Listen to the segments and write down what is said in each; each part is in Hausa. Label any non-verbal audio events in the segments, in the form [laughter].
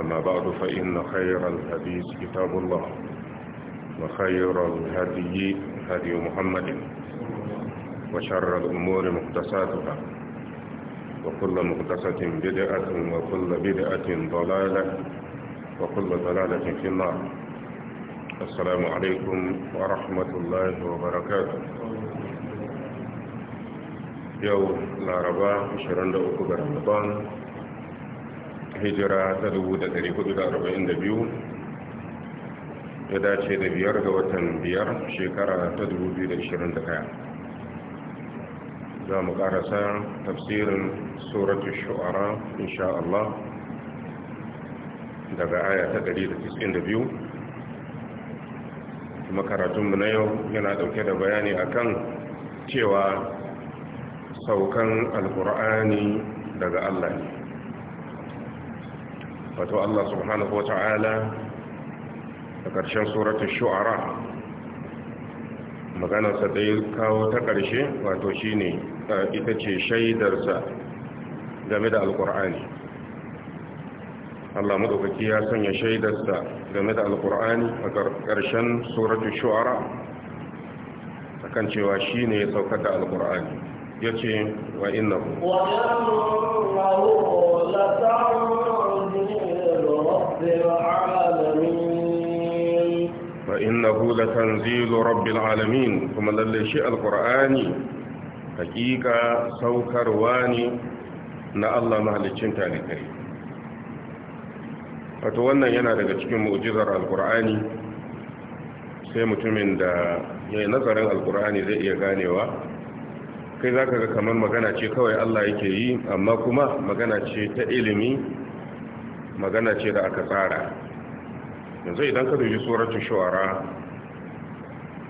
أما بعد فإن خير الحديث كتاب الله وخير الهدي هدي محمد وشر الأمور مقدساتها وكل مقدسة بدعة وكل بدعة ضلالة وكل ضلالة في النار السلام عليكم ورحمة الله وبركاته يوم العرباء أكبر رمضان hijira ta dubu da da da hudu arba'in biyu ya dace da biyar ga watan biyar shekara ta dubu biyu da da ishirin 2021 za mu karasa tafsirin suratu shu'ara insha Allah daga aya ta biyu. kuma karatunmu na yau yana dauke da bayani akan cewa saukan alkur'ani daga Allah ne wato Allah subhanahu wata'ala a ƙarshen suratul shu'ara maganarsa da ya kawo ta ƙarshe wato ne, eh, ita ce shaidarsa game da alƙur'ani Allah maɗaukaki ya sanya shaidarsa game da alƙur'ani a ƙarshen suratul shu'ara akan cewa shine ya saukar da alƙur'ani ya ce wa inna العالمين فإنه لتنزيل رب العالمين ثم للشيء القرآن حقيقة سوكر واني نا الله مهلكين تالكري فتوانا ينا daga cikin mu'jizar alqur'ani sai mutumin da yayin nazarin alqur'ani zai iya ganewa kai zaka ga kamar magana ce kawai Allah yake yi amma kuma magana ce ta ilimi magana ce da aka tsara yanzu idan ka dubi suratul shu'ara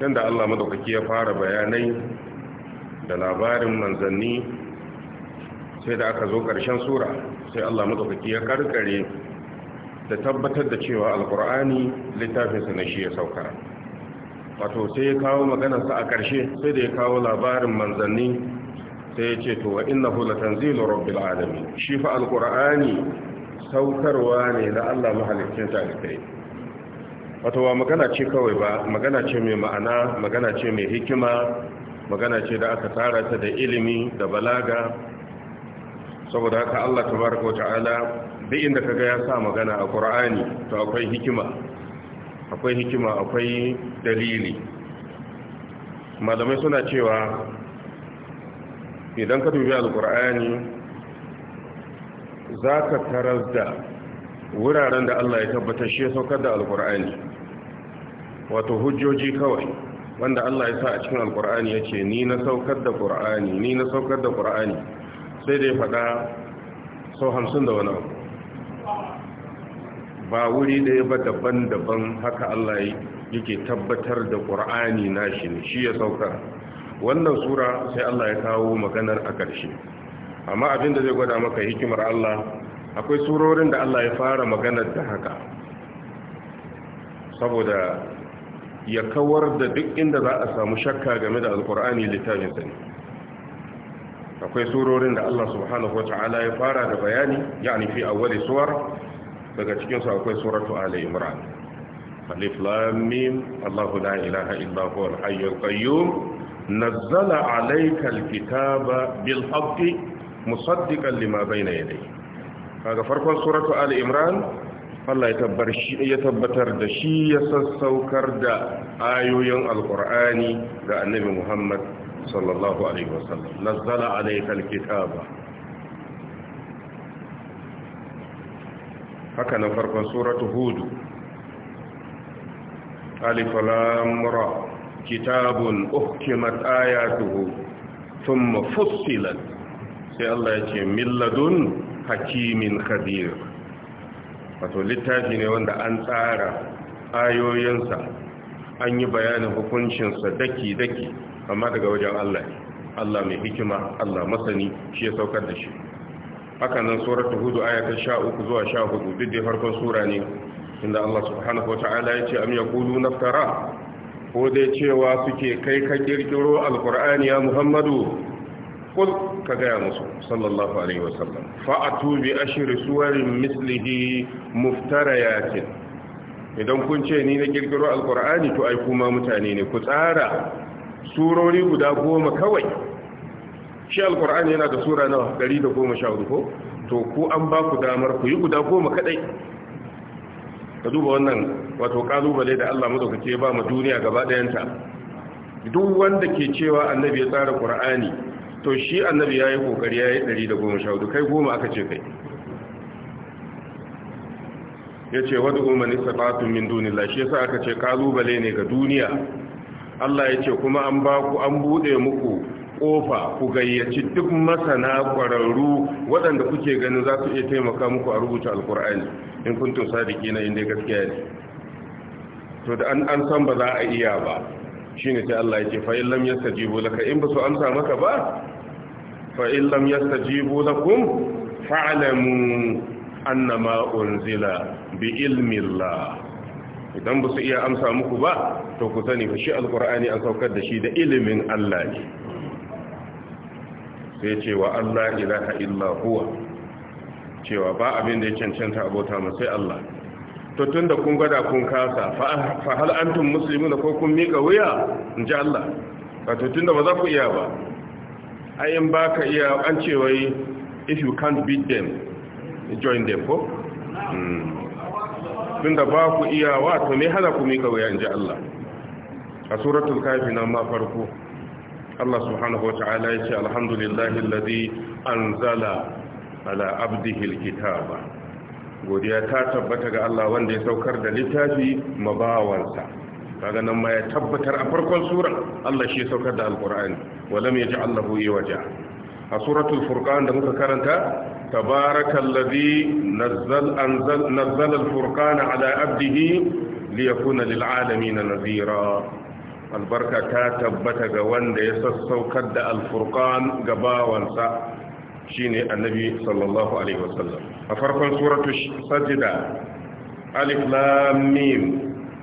yanda Allah madaukaki ya fara bayanai da labarin manzanni sai da aka zo ƙarshen sura sai Allah madaukaki ya karkare da tabbatar da cewa alkur'ani littafinsa na shi ya sauka wato sai ya kawo maganarsa a ƙarshe sai da ya kawo labarin manzanni sai ya ce to wa innahu latanzilu rabbil alamin shi fa alkur'ani saukarwa ne na Allah mahalicin talibai Wata wa magana ce kawai ba magana ce mai ma'ana magana ce mai hikima magana ce da aka tsara ta da ilimi da balaga saboda haka Allah tabaraka ta'ala duk inda kaga ya sa magana a Qur'ani to akwai hikima akwai hikima akwai dalili malamai suna cewa idan ka dubi al-Qur'ani za ka tarar da wuraren da Allah ya tabbatar shi ya saukar da alkur'ani wato hujjoji kawai wanda Allah ya sa a cikin alkur'ani ya ce ni na saukar da ƙur'ani ni na saukar da ƙur'ani sai dai faɗa sau hamsin da wani abu ba wuri ɗaya ba daban-daban haka Allah yake tabbatar da ƙur'ani shi ne shi ya saukar wannan sura sai Allah ya kawo maganar a ƙarshe amma abin da zai gwada maka hikimar Allah akwai surorin da Allah ya fara magana da haka saboda ya kawar da duk inda za a samu shakka game da alkur'ani littafin sani akwai surorin da Allah subhanahu wata'ala ya fara da bayani yani fi awwali suwar daga cikinsu akwai suratu ali imran alif lam Allahu la ilaha illa huwa al-hayyul qayyum nazzala alayka al-kitaba bil haqqi مصدقا لما بين يديه هذا فرق سورة آل إمران الله يتبتر يتبتر دشي يسسوكر دا آيوي القرآن دا النبي محمد صلى الله عليه وسلم نزل عليك الكتاب هكذا فرق سورة هود ألف لام را كتاب أحكمت آياته ثم فصلت sai Allah ya ce milladun hakimin khabir wato littafi ne wanda an tsara ayoyinsa an yi bayanin hukuncinsa daki-daki amma daga wajen Allah Allah mai hikima Allah masani shi ya saukar da shi haka nan suratul hudu ayata 13 zuwa 14 duk da farkon sura ne inda Allah subhanahu wata'ala ya ce am yaqulu naftara ko dai cewa suke kai ka kirkiro alqur'ani ya muhammadu kul ka gaya musu sallallahu alaihi wasallam fa'atu bi ashir suwarin mislihi muftarayatin idan kun ce ni na kirkiro alqur'ani to ai kuma mutane ne ku tsara surori guda goma kawai shi alqur'ani yana da sura nawa 114 ko to ku an ba ku damar ku yi guda goma kadai ka duba wannan wato kalubale da Allah madaukake ya ba mu duniya gaba dayanta duk wanda ke cewa annabi ya tsara qur'ani to shi annabi ya yi kokari ya yi hudu. kai goma aka ce kai ya ce wadda umarni sabatun min dunila shi yasa aka ce kalubale ne ga duniya Allah ya ce kuma an ba ku an buɗe muku kofa, ku gayyaci duk masana kwararru waɗanda kuke ganin za su iya taimaka muku a rubuta alkur'ani in kuntun sadiki na inda gaskiya ne to da an san ba za a iya ba shine sai Allah yake fa in lam yastajibu laka in ba su amsa maka ba fa in yastajibu lakum fa'lamu annama unzila bi ilmi Allah idan ba su iya amsa muku ba to ku sani fa shi alqur'ani an saukar da shi da ilimin Allah ne sai cewa Allah ilaha illa huwa cewa ba abin da ya cancanta abota ma sai Allah to tun da kun gada kun kasa fa hal antum muslimun ko kun mika wuya in ji Allah wato tun da ba za ku iya ba ai in ba iya an ce wai if you can't beat them join them ko hmm. tun da ba ku iya wa to me hana ku mika wuya in ji Allah a suratul kafi nan ma farko Allah subhanahu wa ta'ala ya alhamdulillahi alladhi anzala ala abdihi alkitaba godiya ta tabbata ga Allah wanda ya saukar da littafi mabawansa kaga nan ma ya tabbatar a farkon sura Allah shi ya saukar da alqur'ani wa lam yaj'al lahu iwaja a suratul furqan da muka karanta tabarakallazi nazzal anzal nazzal alfurqana ala abdihi liyakuna lilalamin nazira albarka ta tabbata ga wanda ya sassaukar da alfurqan ga bawansa shine annabi sallallahu alaihi wasallam a farkon suratu sajda alif lam mim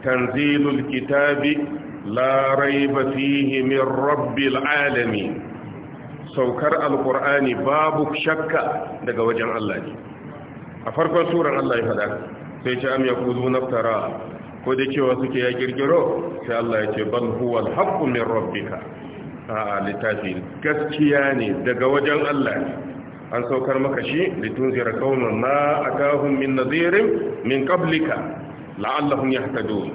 tanzilul kitabi la raiba fihi min rabbil alamin saukar alqur'ani babu shakka daga wajen Allah ne a farkon suran Allah ya fada sai ce am yaquluna naftara ko da cewa suke ya kirkiro sai Allah ya ce bal huwa alhaqqu min rabbika a littafi gaskiya ne daga wajen Allah ne an saukar maka shi litunzira qauman ma atahum min nadhirin min qablika la'allahum yahtadun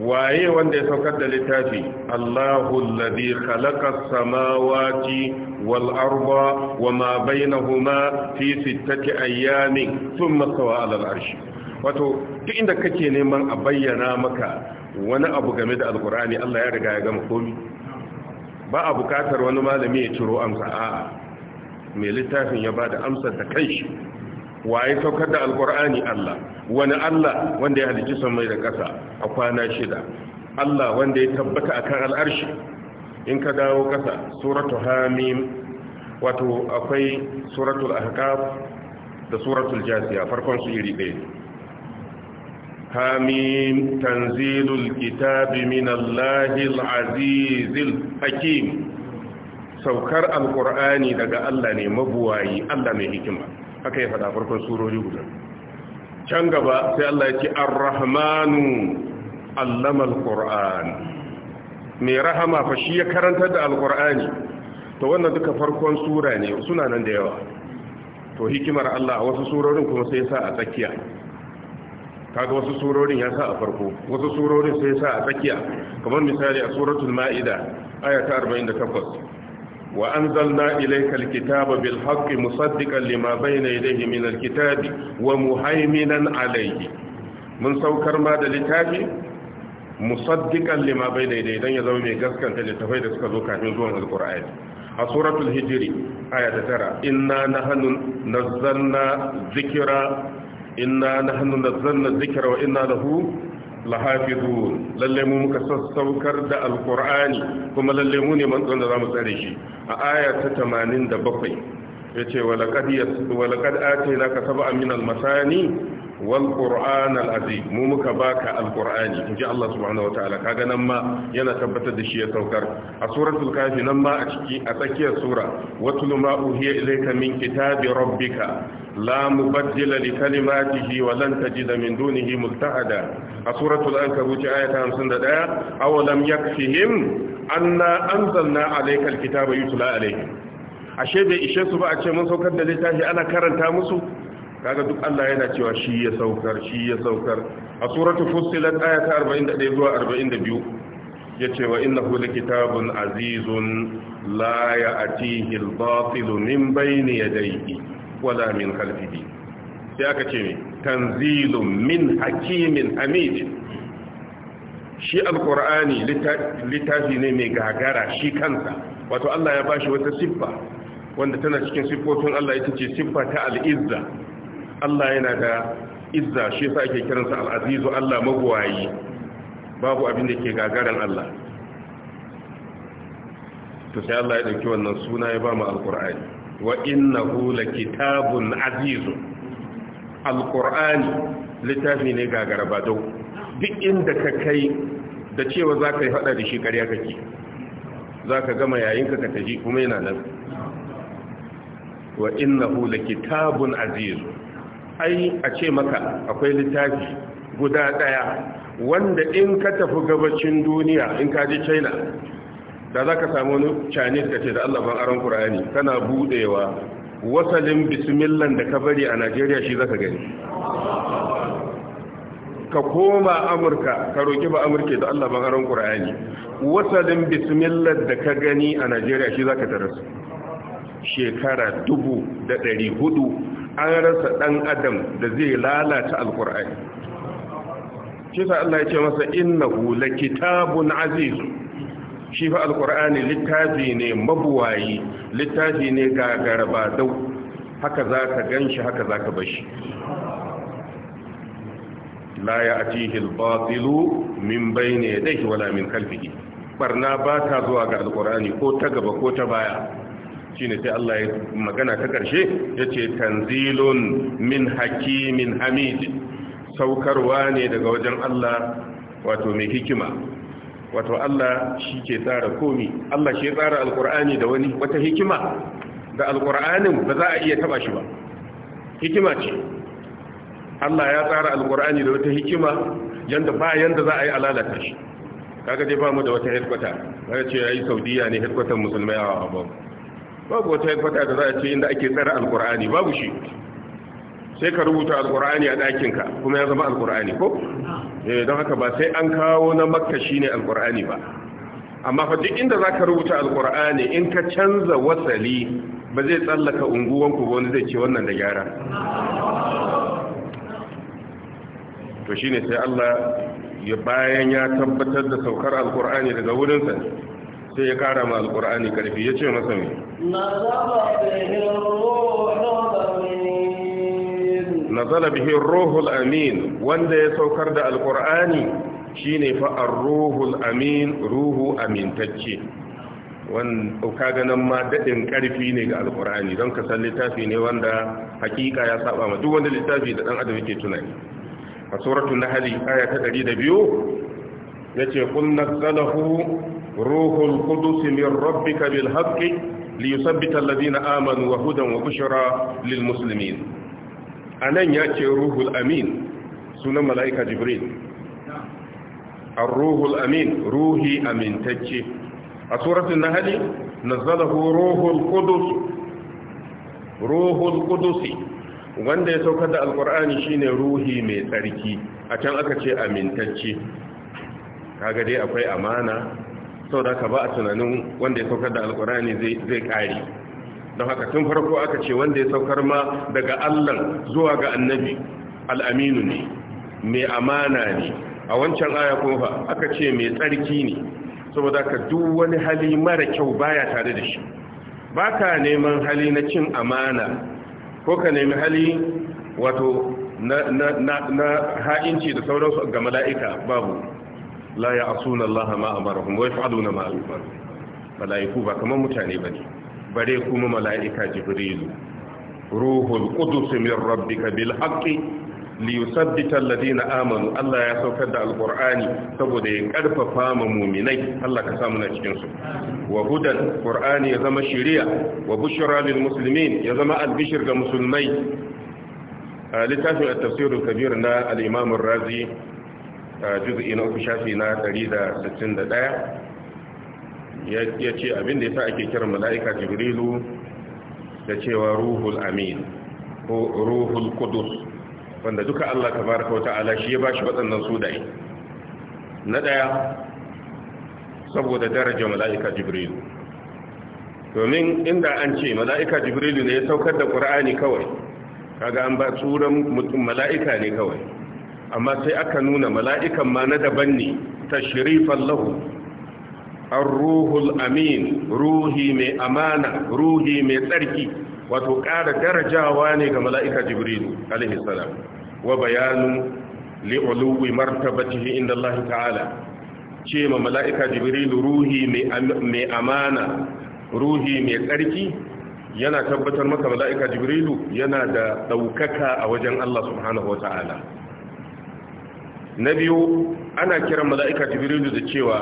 waye wanda ya saukar da littafi Allahu alladhi khalaqa as-samawati wal arda wama bainahuma fi sittati ayyamin thumma stawa 'ala arshi wato duk inda kake neman a bayyana maka wani abu game da alkur'ani Allah ya riga ya gama komi ba a bukatar wani malami ya ciro amsa a'a mai littafin ya bada amsar da kanshi waye saukar da alkur'ani Allah wani Allah wanda ya halicci mai da ƙasa a kwana shida Allah wanda ya tabbata akan al'arshi in ka dawo ƙasa suratu hamim wato akwai suratul ahqaf da suratul jasiya farkon su iri ɗaya حميم تنزيل الكتاب من الله العزيز الحكيم سوكر القرآن دقاء الله مبواي الله مهكما haka ya faɗa farkon surori guda can gaba sai Allah ya ce ar-rahmanu allama al mai rahama fa shi ya karantar da al to wannan duka farkon sura ne suna nan da yawa to hikimar Allah a wasu surorin kuma sai ya sa a tsakiya kaga wasu surorin ya sa a farko wasu surorin sai sa a tsakiya kamar misali a suratul ma'ida aya ta 48 wa anzalna ilayka alkitaba bil haqqi musaddiqan lima bayna yadayhi min alkitabi wa muhaiminan alayhi mun saukar ma da littafi musaddiqan lima bayna yadayhi dan ya zama mai gaskanta littafai da suka zo kafin zuwan alqur'ani a suratul hijri aya ta 9 inna nahnu nazzalna dhikra inna nahnu nazzalna dhikra wa inna lahu lahafizun lalle mu muka sassaukar da alqur'ani kuma lalle mu ne manzon da zamu tsare shi a aya ta 87 yace wa laqad wa laqad atainaka saba min al-masani wal qur'an al mu muka baka al qur'ani inji Allah subhanahu wataala kaga nan ma yana tabbatar da shi ya saukar a suratul kafi nan ma a ciki a tsakiyar sura watlu ma uhiya ilayka min kitabi rabbika la mubaddila li kalimatihi wa lan tajida min dunihi multahada a suratul ankabut ayata 51 aw lam yakfihim anna anzalna alayka al kitaba yutla alayhim ashe bai ishe su ba a ce mun saukar da littafi ana karanta musu kaga duk Allah yana cewa shi ya saukar shi ya saukar a suratul fussilat ayata 41 zuwa 42 yace wa innahu likitabun azizun la ya'tihi al-batil min bayni yadayhi wala min khalfihi sai aka ce ne tanzilun min hakimin hamid shi alqur'ani littafi ne mai gagara shi kansa wato Allah ya bashi wata siffa wanda tana cikin siffofin Allah ita ce siffa ta al-izza Allah yana da izza shi yasa ake kiransa al-azizu Allah magwayi babu abin da ke gagarin Allah to sai Allah ya dauki wannan suna ya ba mu al-Qur'ani wa innahu lakitabun azizu al-Qur'ani littafi ne gagara ba dau duk inda ka kai da cewa za ka yi hada da shi ƙarya kake ka gama yayin ka ka taji kuma yana nan wa innahu lakitabun azizu ai a ce maka akwai littafi guda daya wanda in ka tafi gabacin duniya in ka ji china da za ka samu wani chinese ka ce da allah ban aron kur'ani kana budewa wasalin bismillan da ka bari a najeriya shi za ka gani ka koma amurka ka roƙi ba amurke da allah ban aron kur'ani wasalin bismillan da ka gani a najeriya shi za ka tarasu shekara dubu da ɗari hudu an rasa ɗan adam da zai lalata alkur'ani shi sa Allah ya ce masa innahu kitabun aziz shi fa alkur'ani littafi ne mabuwayi littafi ne gagarba ba dau haka zaka ganshi haka zaka bashi la ya'tihi al-batilu min bayni yadayhi wala min khalfihi barna ba ta zuwa ga alkur'ani ko ta gaba ko ta baya shine sai Allah ya magana ta karshe yace tanzilun min hakimin hamid saukarwa ne daga wajen Allah wato mai hikima wato Allah shi ke tsara komi Allah shi ya tsara alkur'ani da wani wata hikima da alkur'anin ba za a iya taba shi ba hikima ce Allah ya tsara alkur'ani da wata hikima yanda ba yanda za a yi alalata shi kaga dai ba mu da wata headquarter kaga ce yayi Saudiya ne headquarter musulmai a Abu babu wata kwata da za a ce inda ake tsara alkur'ani babu shi sai ka rubuta alkur'ani a ɗakinka kuma ya zama alkur'ani ko eh, don haka ba sai an kawo na makka shi ne alkur'ani ba amma fa duk inda ka rubuta alkur'ani in ka canza wasali ba zai tsallaka unguwanku ba wani zai ce wannan da gyara to shine sai Allah ya bayan ya tabbatar da saukar alkur'ani daga wurinsa sai ya kara ma alkur'ani karfi ya ce masa mai nazala bihi ruhul amin wanda ya saukar da alkur'ani shine fa ar-ruhul amin ruhu amintacce wannan kaga nan ma dadin karfi ne ga alkur'ani don ka san littafi ne wanda hakika ya saba ma duk wanda littafi da dan adam yake tunani a suratul nahl aya ta 102 yace qul nazalahu روح القدس من ربك بالحق ليثبت الذين آمنوا وهدى وبشرى للمسلمين أنا يأتي روح الأمين سنة ملائكة جبريل الروح الأمين روحي أمين تجي سورة النهل نزله روح القدس روح القدس wanda ya saukar da alkur'ani shine ruhi mai tsarki a can aka ce amintacce kaga dai akwai amana sau ka ba a tunanin wanda ya saukar da alkurani zai kari don haka tun farko aka ce wanda ya saukar ma daga allah zuwa ga annabi al'aminu ne mai amana ne a wancan aya kuma aka ce mai tsarki ne saboda ka duk wani hali mara kyau baya tare da shi ba ka neman hali na cin amana ko ka nemi hali wato na ha'inci da sauransu ga mala'ika babu la ya asuna Allah ma amarahum wa yaf'aluna na yu'mar malaiku ba kaman mutane ne. bare kuma malaika jibrilu ruhul qudus min rabbika bil haqqi li yusabbita alladhina amanu Allah ya saukar da alqur'ani saboda ya karfafa ma mu'minai Allah ka samu na cikin su wa hudan qur'ani ya zama shari'a wa bushra lil muslimin ya zama albishir ga musulmai littafin at-tafsir al-kabir na al-imam ar-razi juzu'i na uku shafi na 161 ya ce abinda ya sa ake kiran mala'ika jibrilu da cewa ruhul amin ko ruhul kudus wanda duka Allah tabaraka wa ta'ala shi ya bashi waɗannan sunaye na ɗaya saboda daraja mala'ika jibrilu domin inda an ce mala'ika jibrilu ne ya saukar da ƙur'ani kawai kaga an ba tsuran mala'ika ne kawai amma sai aka nuna mala'ikan ma na daban ne tashrifan lahu an ruhul amin ruhi mai amana ruhi mai tsarki wato ƙara darajawa ne ga mala'ika jibrilu alaihi salam wa bayanu li'uluwi martabatihi inda Allah ta'ala ce ma mala'ika jibrilu ruhi mai amana ruhi mai tsarki yana tabbatar maka mala'ika jibrilu yana da ɗaukaka a wajen Allah subhanahu wa ta'ala na biyu ana kiran mala'ika jibrilu da cewa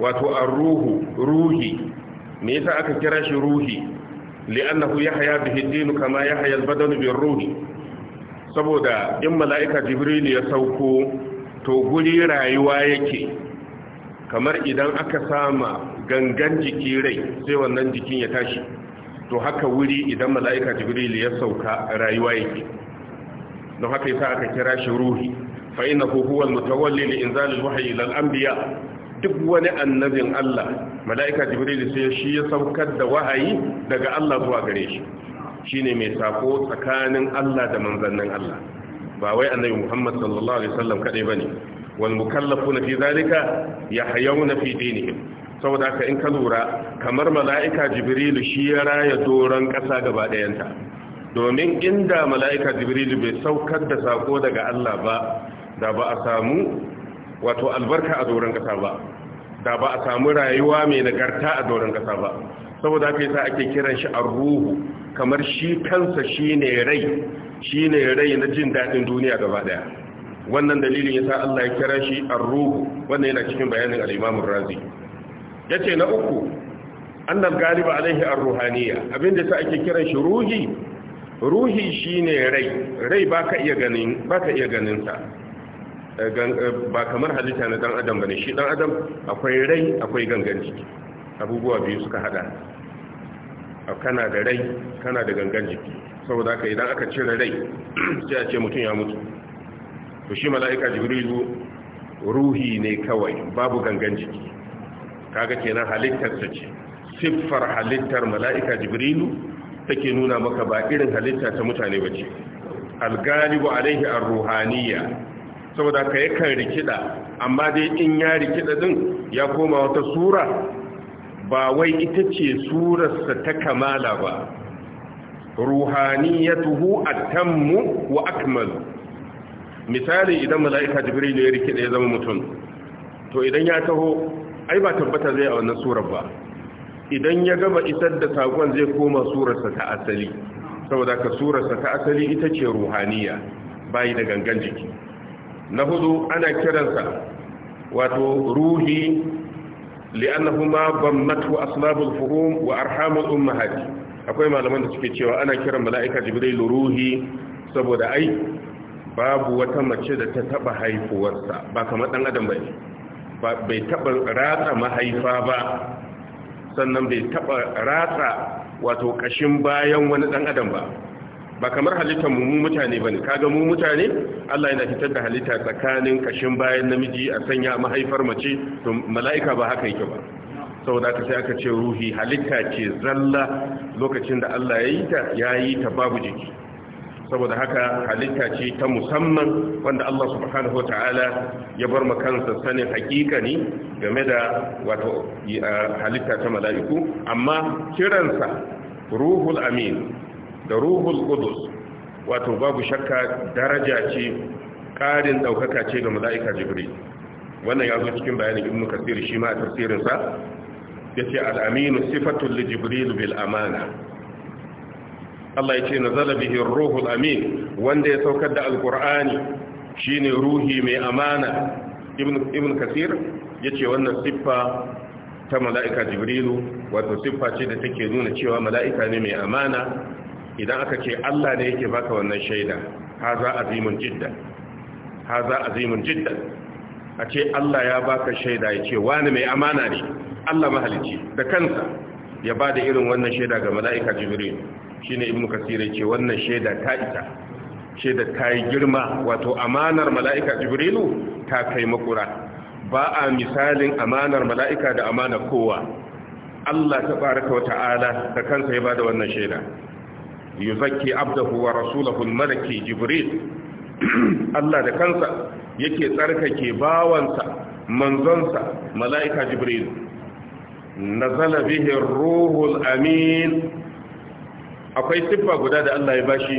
wato ar-ruhu ruhi me yasa aka kira shi ruhi li'annahu yahya bihi dinu kama yahya al-badanu bir ruhi saboda in mala'ika jibrilu ya sauko to guri rayuwa yake kamar idan aka sama gangan jiki rai sai wannan jikin ya tashi to haka wuri idan mala'ika jibrilu ya sauka rayuwa yake don haka yasa aka kira shi ruhi fa innahu huwal mutawalli li inzalil wahyi anbiya duk wani annabin Allah mala'ika jibril sai shi ya saukar da wahayi daga Allah zuwa gare shi shine mai sako tsakanin Allah da manzannin Allah ba wai annabi Muhammad sallallahu alaihi wasallam kadai bane wal mukallafuna fi zalika yahyawna fi dinihim saboda haka in ka lura kamar mala'ika jibrilu shi ya raya doron ƙasa gaba ɗayanta domin inda mala'ika jibrilu bai saukar da sako daga Allah ba da ba a samu wato albarka a doron kasa ba da ba a samu rayuwa mai nagarta a doron kasa ba saboda haka yasa ake kiran shi ar-ruhu kamar shi kansa shine rai shine rai na jin dadin duniya gaba daya wannan dalilin yasa Allah ya kira shi ar-ruhu wannan yana cikin bayanin al-Imam ar-Razi yace na uku annal galiba alaihi ar-ruhaniyya abinda yasa ake kiran shi ruhi ruhi shine rai rai baka iya ganin baka iya ganin sa Eh, eh, ba kamar halitta na dan adam bane shi dan adam akwai rai akwai gangan jiki abubuwa biyu suka hada kana da rai kana da gangan jiki saboda haka idan aka cire rai [clears throat] sai a ce mutum ya mutu to shi mala'ika jibrilu ruhi ne kawai babu gangan jiki kaga kenan ta ce siffar halittar mala'ika jibrilu take nuna maka ba irin halitta ta mutane bace al-galibu alaihi ar-ruhaniyya saboda ka yakan rikida amma dai in ya rikida din ya koma wata sura ba wai ita ce surarsa ta kamala ba ruhaniyatuhu atammu wa Akmal. misali idan mala'ika jibril ya rikida ya zama mutum to idan ya taho ai ba tabbata zai a wannan surar ba idan ya gaba isar da sakon zai koma surarsa ta asali saboda ka surarsa ta asali ita ce ruhaniya bayi da gangan jiki na hudu ana kiransa wato ruhi li'annahu ma bammatu aslabul fuhum wa arhamul ummahat akwai malaman da suke cewa ana kiran mala'ika jibril ruhi saboda ai babu wata mace da ta taba haifuwarsa ba kamar dan adam bane bai taba ratsa mahaifa ba sannan bai taba ratsa wato kashin bayan wani dan adam ba ba kamar halittar mu mu mutane ka kaga mu mutane Allah yana fitar da halitta tsakanin kashin bayan namiji a sanya mahaifar mace to mala'ika ba haka yake ba saboda ka sai aka ce ruhi halitta ce zalla lokacin da Allah ya yi ta ya yi ta babu jiki saboda haka halitta ce ta musamman wanda Allah subhanahu ta'ala ya bar ma kansa sanin ne game da wato halitta ta mala'iku amma kiransa ruhul amin da ruhul kudus, wato babu shakka daraja ce ƙarin ɗaukaka ce ga mala'ika jibril wannan ya zo cikin bayanin ibn kasir shi ma a tafsirinsa ya ce al'aminu sifatun li jibril bil amana Allah ya ce na zalabihin ruhul amin wanda ya saukar da alkur'ani shi ne ruhi mai amana ibn kasir ya ce wannan siffa ta mala'ika jibrilu wato siffa ce da take nuna cewa mala'ika ne mai amana idan aka ce Allah ne yake baka wannan shaida haza azimun jidda za azimun jidda a ce Allah ya baka shaida ya ce wani mai amana ne Allah mahalici da kansa ya ba da irin wannan shaida ga mala'ika jibril shine ibnu kasir ya ce wannan shaida ta ita? shaida ta yi girma wato amanar mala'ika jibrilu ta kai makura ba a misalin amanar mala'ika da amanar kowa Allah ta baraka wa ta'ala da kansa ya ba da wannan shaida yuzakki abdahu wa rasulahu al-malaki jibril [clears throat] Allah da kansa yake tsarkake bawansa manzonsa mala'ika jibril nazala bihi ruhul amin akwai siffa guda da Allah ya bashi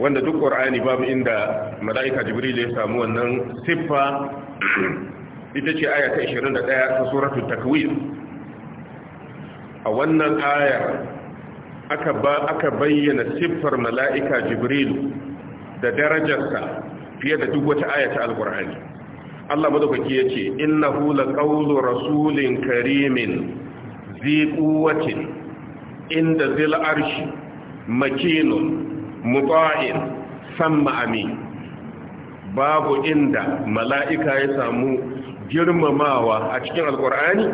wanda duk qur'ani babu inda mala'ika jibril ya samu wannan siffa [clears throat] ita ce aya ta 21 ta suratul takwir a wannan ayar aka ba aka bayyana siffar mala'ika jibrilu da darajarsa fiye da duk wata ayata alkur'ani Allah madaukaki yace innahu laqawlu rasulin karimin zi inda zil arshi makinun muta'in samma babu inda mala'ika ya samu girmamawa a cikin alkur'ani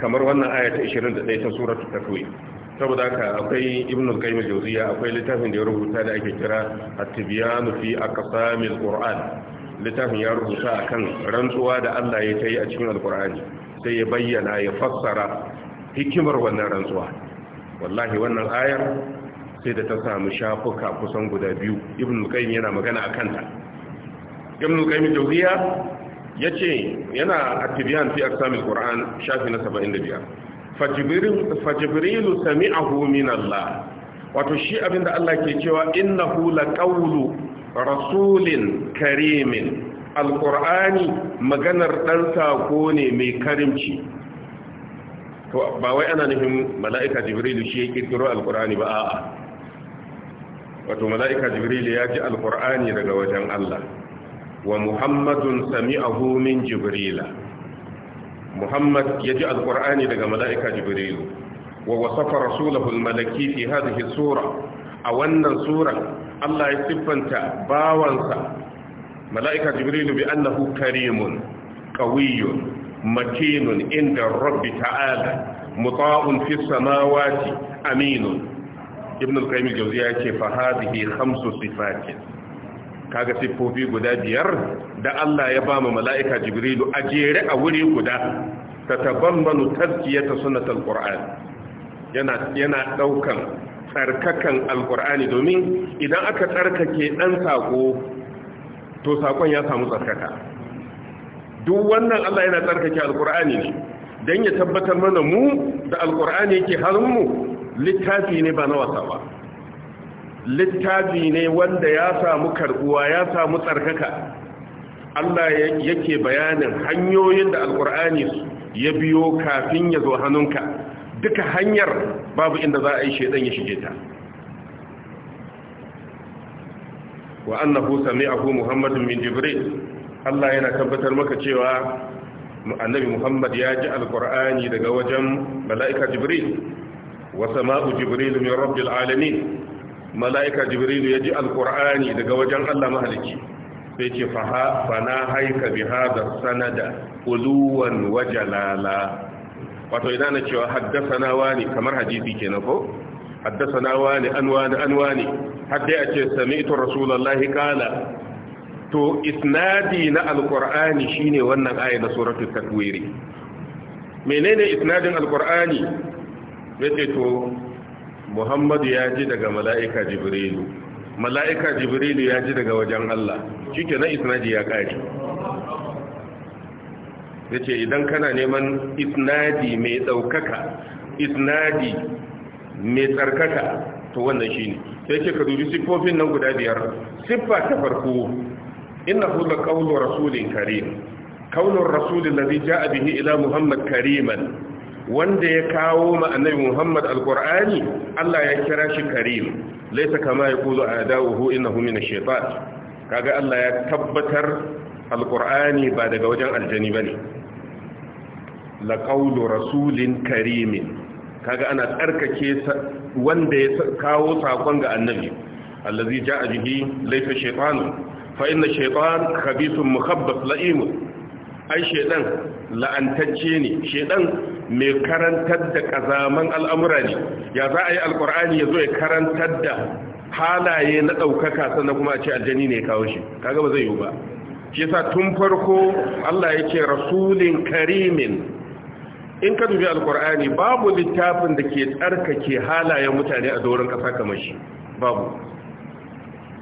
kamar wannan ayata 21 ta suratul takwir saboda haka akwai ibn al-qayyim al-jawziyya akwai littafin da ya rubuta da ake kira at-tibyan fi aqsam al-qur'an littafin ya rubuta akan rantsuwa da Allah ya yi a cikin al-qur'ani sai ya bayyana ya fassara hikimar wannan rantsuwa wallahi wannan ayar sai da ta samu shafuka kusan guda biyu ibn al-qayyim yana magana akan ta ibn al-qayyim al-jawziyya yace yana at-tibyan fi aqsam al-qur'an shafi na 75 fajibrilu sami'ahu min Allah wato shi abinda Allah ke cewa innahu laqawlu rasulin karimin alqur'ani maganar dan sako ne mai karimci to ba wai ana nufin mala'ika jibrilu shi ya kirkiro alqur'ani ba a'a wato mala'ika jibrilu ya ji alqur'ani daga wajen Allah wa muhammadun sami'ahu min jibrila muhammad ya ji alkur'ani daga mala'ika jibrilu wa wasafa rasulahu almalaki fi hadhihi sura a wannan sura Allah ya siffanta bawansa mala'ika jibrilu bi annahu karimun qawiyyun makinun inda rabbi ta'ala muta'un fi samawati Aminu, ibn al-qayyim al-jawziya yake fa hadhihi khamsu kaga siffofi guda biyar da Allah ya bama mala'ika jibrilu a jere a wuri guda ta tabammanu tazkiyata sunnatul qur'an yana yana ɗaukan tsarkakan alqur'ani domin idan aka tsarkake ɗan sako to sakon ya samu tsarkaka duk wannan Allah yana tsarkake alqur'ani ne dan ya tabbatar mana mu da alqur'ani ke hannun mu littafi ne ba na wasa ba littafi ne wanda ya samu karbuwa ya samu tsarkaka Allah yake bayanin hanyoyin da alkur'ani ya biyo kafin ya zo hannunka duka hanyar babu inda za a yi shaidan ya shige ta wa annahu sami'ahu muhammadun min jibril Allah yana tabbatar maka cewa annabi muhammad ya ji alkur'ani daga wajen mala'ika jibril wa sama'u jibril min rabbil alamin mala'ika jibrilu ya ji Alƙur'ani daga wajen Allah mahalicci sai ce fa na haika bi hada sanada uluwan wajalala wato idan na cewa haddasa wani kamar hadisi kenan ko haddasa na wani anwani anwani an wani hadda ya ce sami'tu rasulullahi kala to isnadi na alkur'ani shine wannan aya na suratul takwiri menene isnadin ya ce to muhammadu ya ji daga mala'ika jibrilu mala'ika jibrilu ya ji daga wajen Allah shi ke nan isnadi ya ƙari ya ce idan kana neman isnadi mai ɗaukaka isnadi mai tsarkaka Ta wannan shi ne sai ce ka dubi siffofin nan guda biyar siffa ta farko inna hula ƙaunar rasulun karim Ƙaunar rasulun da zai ja ila muhammad kariman wanda ya kawo ma annabi Muhammad alqur'ani Allah ya kira shi karim laysa kama yaqulu adawuhu innahu min ash-shaytan kaga Allah ya tabbatar alqur'ani ba daga wajen aljani bane la qawlu rasulin karimin kaga ana tsarkake wanda ya kawo sakon ga annabi allazi ja'a bihi laysa shaytanu fa inna shaytan khabithun mukhabbas la'im ai shaytan la'antacce ne shaytan mai karantar da kazaman al'amura ne ya za a yi alkur'ani ya zo ya karantar da halaye na ɗaukaka sannan kuma a ce aljani ne kawo shi kaga ba zai yi ba shi yasa tun farko Allah ya ce rasulin karimin in ka dubi alkur'ani babu littafin da ke tsarkake halayen mutane a doron ƙasa kamar shi babu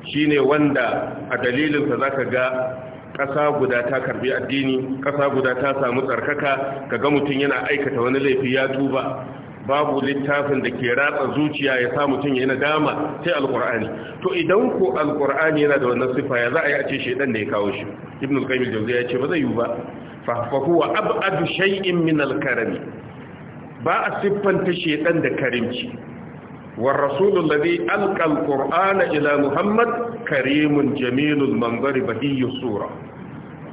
Shi ne wanda a dalilinsa za ka ga ƙasa guda ta karbi addini ƙasa guda ta samu tsarkaka kaga mutum yana aikata wani laifi ya tuba babu littafin da ke ratsa zuciya ya sa mutum yana dama sai alkur'ani to idan ko Alƙur'ani yana da wannan sifa ya za a yi a ce shedan da ya kawo shi ibn al-qayyim al ya ce ba zai yi ba fa huwa ab'adu shay'in min al-karami ba a siffanta shedan da karimci والرسول الذي ألقى القرآن إلى محمد كريم جميل المنظر بهي الصورة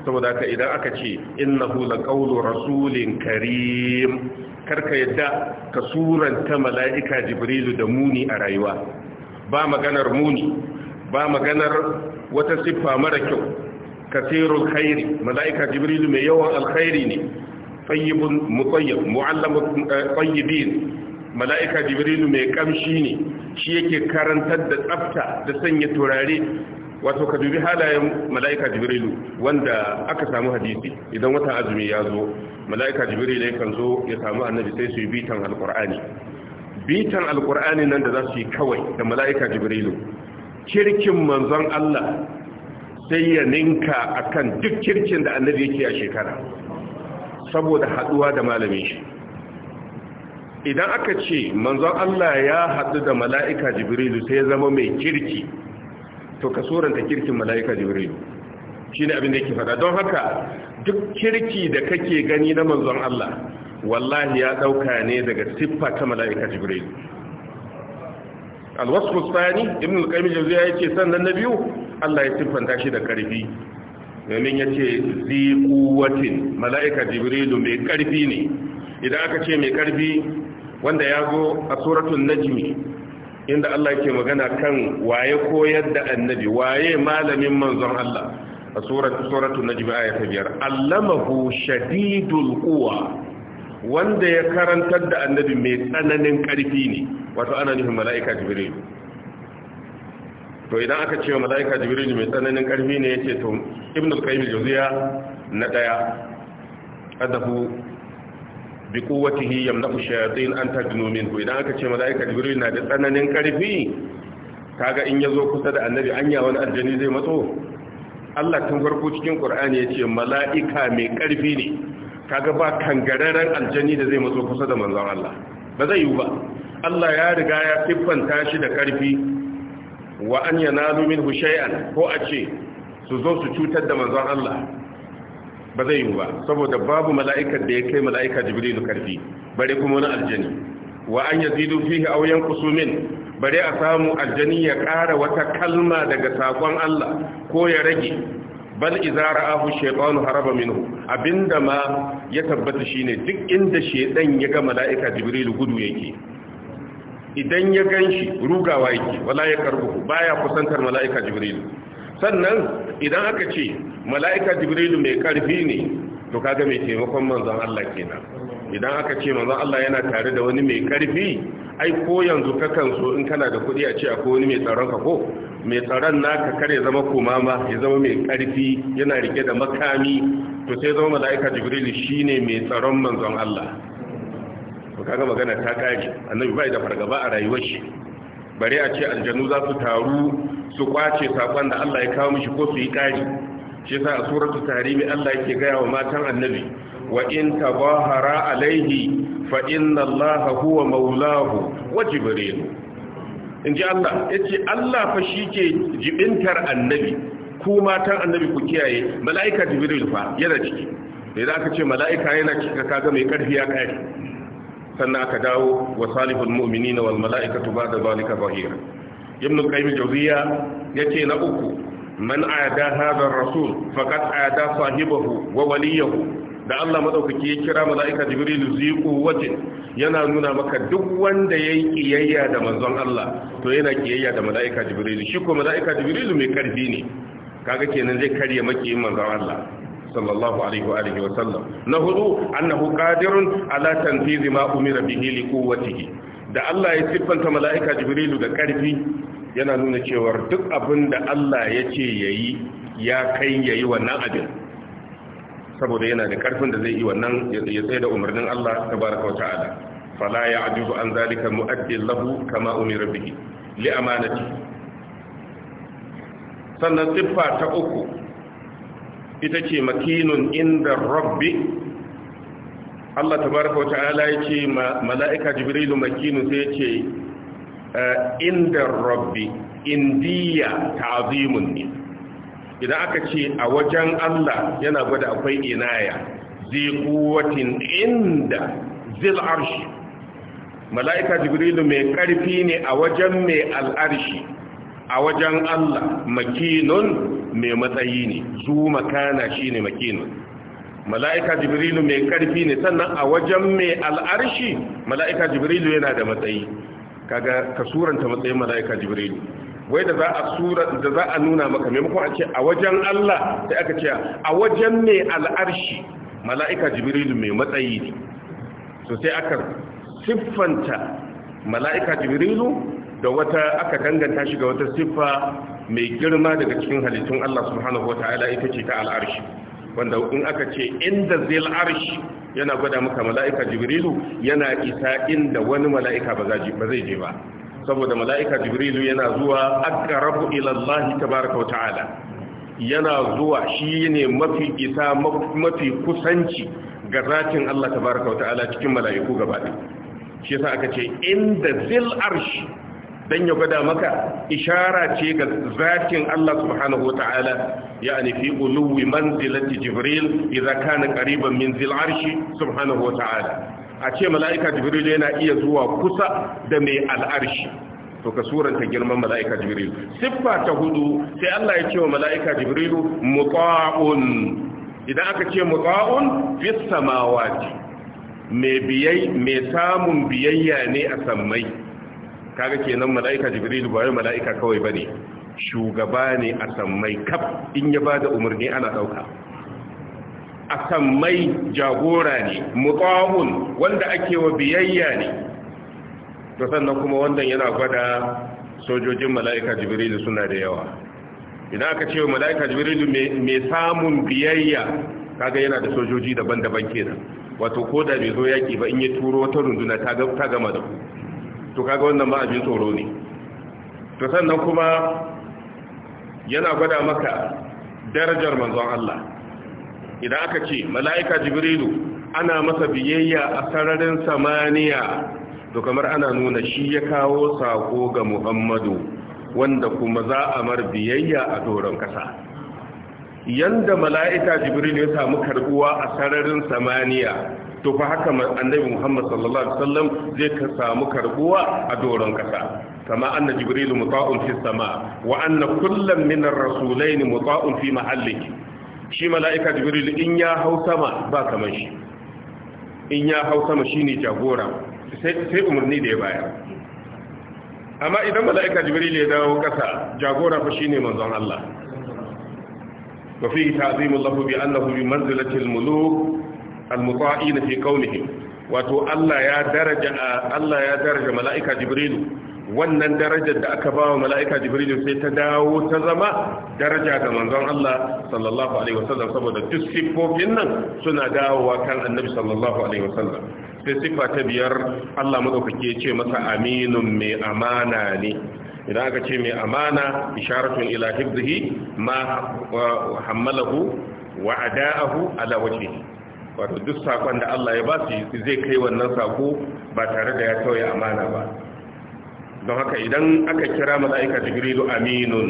saboda ka idan aka ce innahu laqawlu rasulin karim karka yadda ka suranta mala'ika jibrilu da muni a rayuwa ba maganar muni ba maganar wata siffa mara kyau kasirul khairi mala'ika jibrilu mai yawan alkhairi ne tayyibun mutayyib mu'allamut tayyibin mala'ika jibrilu mai kamshi ne shi yake karantar da tsafta da sanya turare wato ka dubi halayen mala'ika jibrilu wanda aka samu hadisi idan wata azumi ya zo mala'ika jibrilu yakan zo ya samu annabi sai su yi bitan alkur'ani bitan alkur'ani nan da za su yi kawai da mala'ika jibrilu kirkin manzon Allah sai ya ninka akan duk kirkin da annabi yake a shekara saboda haɗuwa da malamin shi idan aka ce manzon Allah ya haɗu da mala'ika jibrilu sai ya zama mai kirki to ka suranta kirkin mala'ika jibrilu shi ne abin da yake faɗa don haka duk kirki da kake gani na manzon Allah wallahi ya ɗauka ne daga siffa ta mala'ika jibrilu alwasu tsani ibn al-qayyim ya ce sannan na biyu Allah ya siffanta shi da ƙarfi. domin yace ce zikuwatin mala'ika jibrilu mai ƙarfi ne idan aka ce mai karfi wanda ya zo a suratun najmi inda Allah ke magana kan waye koyar da annabi waye malamin manzon Allah a suratun najmi aya ta biyar allamahu shadidul quwa wanda ya karantar da annabi mai tsananin karfi ne wato ana nufin mala'ika jibril to idan aka ce mala'ika jibril mai tsananin karfi ne yace to ibnu qayyim juziya na daya adahu bi quwwatihi yamna'u shayatin an tajnu minhu idan aka ce malaika jibril na da tsananin karfi kaga in yazo kusa da annabi anya wani aljani zai matso Allah tun farko cikin Qur'ani yace mala'ika mai karfi ne kaga ba kangararren aljani da zai matso kusa da manzon Allah ba zai yi ba Allah ya riga ya siffanta shi da karfi wa an yanalu minhu shay'an ko a ce su zo su cutar da manzon Allah ba zai yi ba saboda babu mala'ikar da ya kai mala'ika jibrilu karfi bare kuma wani aljani wa an yazidu fihi aw yanqusu min bare a samu aljani ya ƙara wata kalma daga sakon Allah ko ya rage bal idza ra'ahu shaytanu haraba minhu abinda ma ya tabbata shine duk inda shaytan ya ga mala'ika jibrilu gudu yake idan ya ganshi rugawa yake wala ya karbu baya kusantar mala'ika jibrilu sannan idan aka ce mala'ika jibrilu mai ƙarfi ne to kaga mai taimakon manzan Allah kenan idan aka ce manzan Allah yana tare da wani mai ƙarfi, ai ko yanzu ka so in kana da kuɗi a ce ko wani mai tsaron ka ko mai tsaron naka kar ya zama komama ya zama mai ƙarfi, yana rike da makami to sai zama mala'ika jibrilu shine mai tsaron manzon Allah to kaga magana ta kare annabi bai da fargaba a rayuwar shi bare a ce aljanu za su taru su kwace sakon da Allah ya kawo mishi ko su yi kari shi yasa a suratul Allah yake gaya wa matan annabi wa in tabahara alaihi fa inna allaha huwa maulahu wa jibril in ji Allah yace Allah fa shike jibintar annabi ku matan annabi ku kiyaye mala'ika jibril fa yana ciki da za ka ce mala'ika yana ciki ga mai karfi ya kare sannan aka dawo wa salihul mu'minina wal mala'ikatu ba'da zalika zahira ibn qayyim jawziya yace na uku man aada hadha rasul faqad aada sahibahu wa waliyahu da Allah madaukaki ya kira mala'ika jibrilu ziqu wajin yana nuna maka duk wanda yayi kiyayya da manzon Allah to yana kiyayya da mala'ika jibrilu shi ko mala'ika jibrilu mai karfi ne kaga kenan zai karya makiyin manzon Allah sallallahu alaihi wa alihi wa sallam na hudu annahu qadirun ala tanfizi ma umira bihi li da Allah ya siffanta mala'ika jibrilu da karfi yana nuna cewa duk abin da Allah ya ce yayi ya kai yayi wannan abin saboda yana da ƙarfin da zai yi wannan ya tsaye da umarnin Allah tabaraka wa ta'ala fala ya'juzu an zalika mu'addil lahu kama umira bihi li amanati sannan siffa ta uku ita ce makinun inda rabbi Allah tabaraka wa ta'ala ya ce mala'ika jibrilu makinu sai ya ce eh, inda rabbi indiya ta'azimun ne idan aka ce a wajen Allah yana gwada akwai inaya zai kuwatin inda zil arshi mala'ika jibrilu mai ƙarfi ne a wajen mai al'arshi a wajen Allah makinun mai matsayi ne zu makana shine makinu mala'ika jibrilu mai karfi ne sannan a wajen mai al'arshi mala'ika jibrilu yana da matsayi kaga ka suranta matsayin mala'ika jibrilu wai da za a sura da za a nuna maka maimakon a ce a wajen Allah sai aka ce a wajen mai al'arshi mala'ika jibrilu mai matsayi ne so sai aka siffanta mala'ika jibrilu da wata aka danganta shi ga wata siffa mai girma daga cikin halittun Allah subhanahu wata'ala ita ce ta al'arshi wanda in aka ce inda zil arshi yana gwada maka mala'ika jibrilu yana isa inda wani mala'ika ba zai je ba saboda mala'ika jibrilu yana zuwa aka rabu Allah yana zuwa shi ne mafi isa mafi kusanci ga zakin Allah tabaaraka wa ta'ala cikin mala'iku gaba ɗaya shi aka ce inda zil arshi dan ya gwada maka ishara ce ga zakin Allah subhanahu ta'ala ya fi uluwi manzilati jibril idza kana qariban min zil arshi subhanahu ta'ala. a ce mala'ika jibril yana iya zuwa kusa da mai al'arshi to ka suranta girman mala'ika jibril siffa ta hudu sai Allah ya ce wa mala'ika jibril muta'un idan aka ce muta'un fis samawati mai mai samun biyayya ne a sammai kaga kenan mala'ika jibril ba wai mala'ika kawai bane shugaba ne a sammai kaf in ya bada umarni ana dauka a sammai jagora ne muqawun wanda ake wa biyayya ne to sannan kuma wannan yana gwada sojojin mala'ika jibril suna da yawa idan aka ce mala'ika jibril mai samun biyayya kaga yana da sojoji daban-daban kenan wato koda bai zo yaki ba in ya turo wata runduna ta gama da to kaga wannan ma abin tsoro ne to sannan kuma yana gwada maka darajar manzon Allah idan aka ce mala'ika jibrilu ana masa biyayya a sararin samaniya to kamar ana nuna shi ya kawo sako ga muhammadu wanda kuma za a mar biyayya a doron kasa yanda mala'ika jibrilu ya samu karbuwa a sararin samaniya to fa haka annabi Muhammad sallallahu alaihi wasallam zai ka samu karbuwa a doron kasa kama anna jibril muta'un fi sama wa anna kullam min ar-rasulain muta'un fi mahallihi shi mala'ika jibril in ya hau sama ba kaman shi in ya hau sama shine jagora sai umarni da ya baya. amma idan mala'ika jibril ya dawo kasa jagora fa shine manzon Allah وفيه تعظيم الله بأنه بمنزلة الملوك al-muta'ina fi wato Allah ya daraja Allah ya daraja mala'ika wannan darajar da aka ba wa mala'ika jibrilu sai ta dawo ta zama daraja ga manzon Allah sallallahu alaihi wasallam saboda duk siffofin nan suna dawowa kan Annabi sallallahu alaihi wasallam sai siffa ta biyar Allah madaukake ya ce masa aminun mai amana ne idan aka ce mai amana isharatun ila hibzihi ma hammalahu wa ada'ahu ala wajhihi wato duk sakon da Allah ya ba su zai kai wannan sako ba tare da ya tauye amana ba don haka idan aka kira mala'ika jibrilu aminun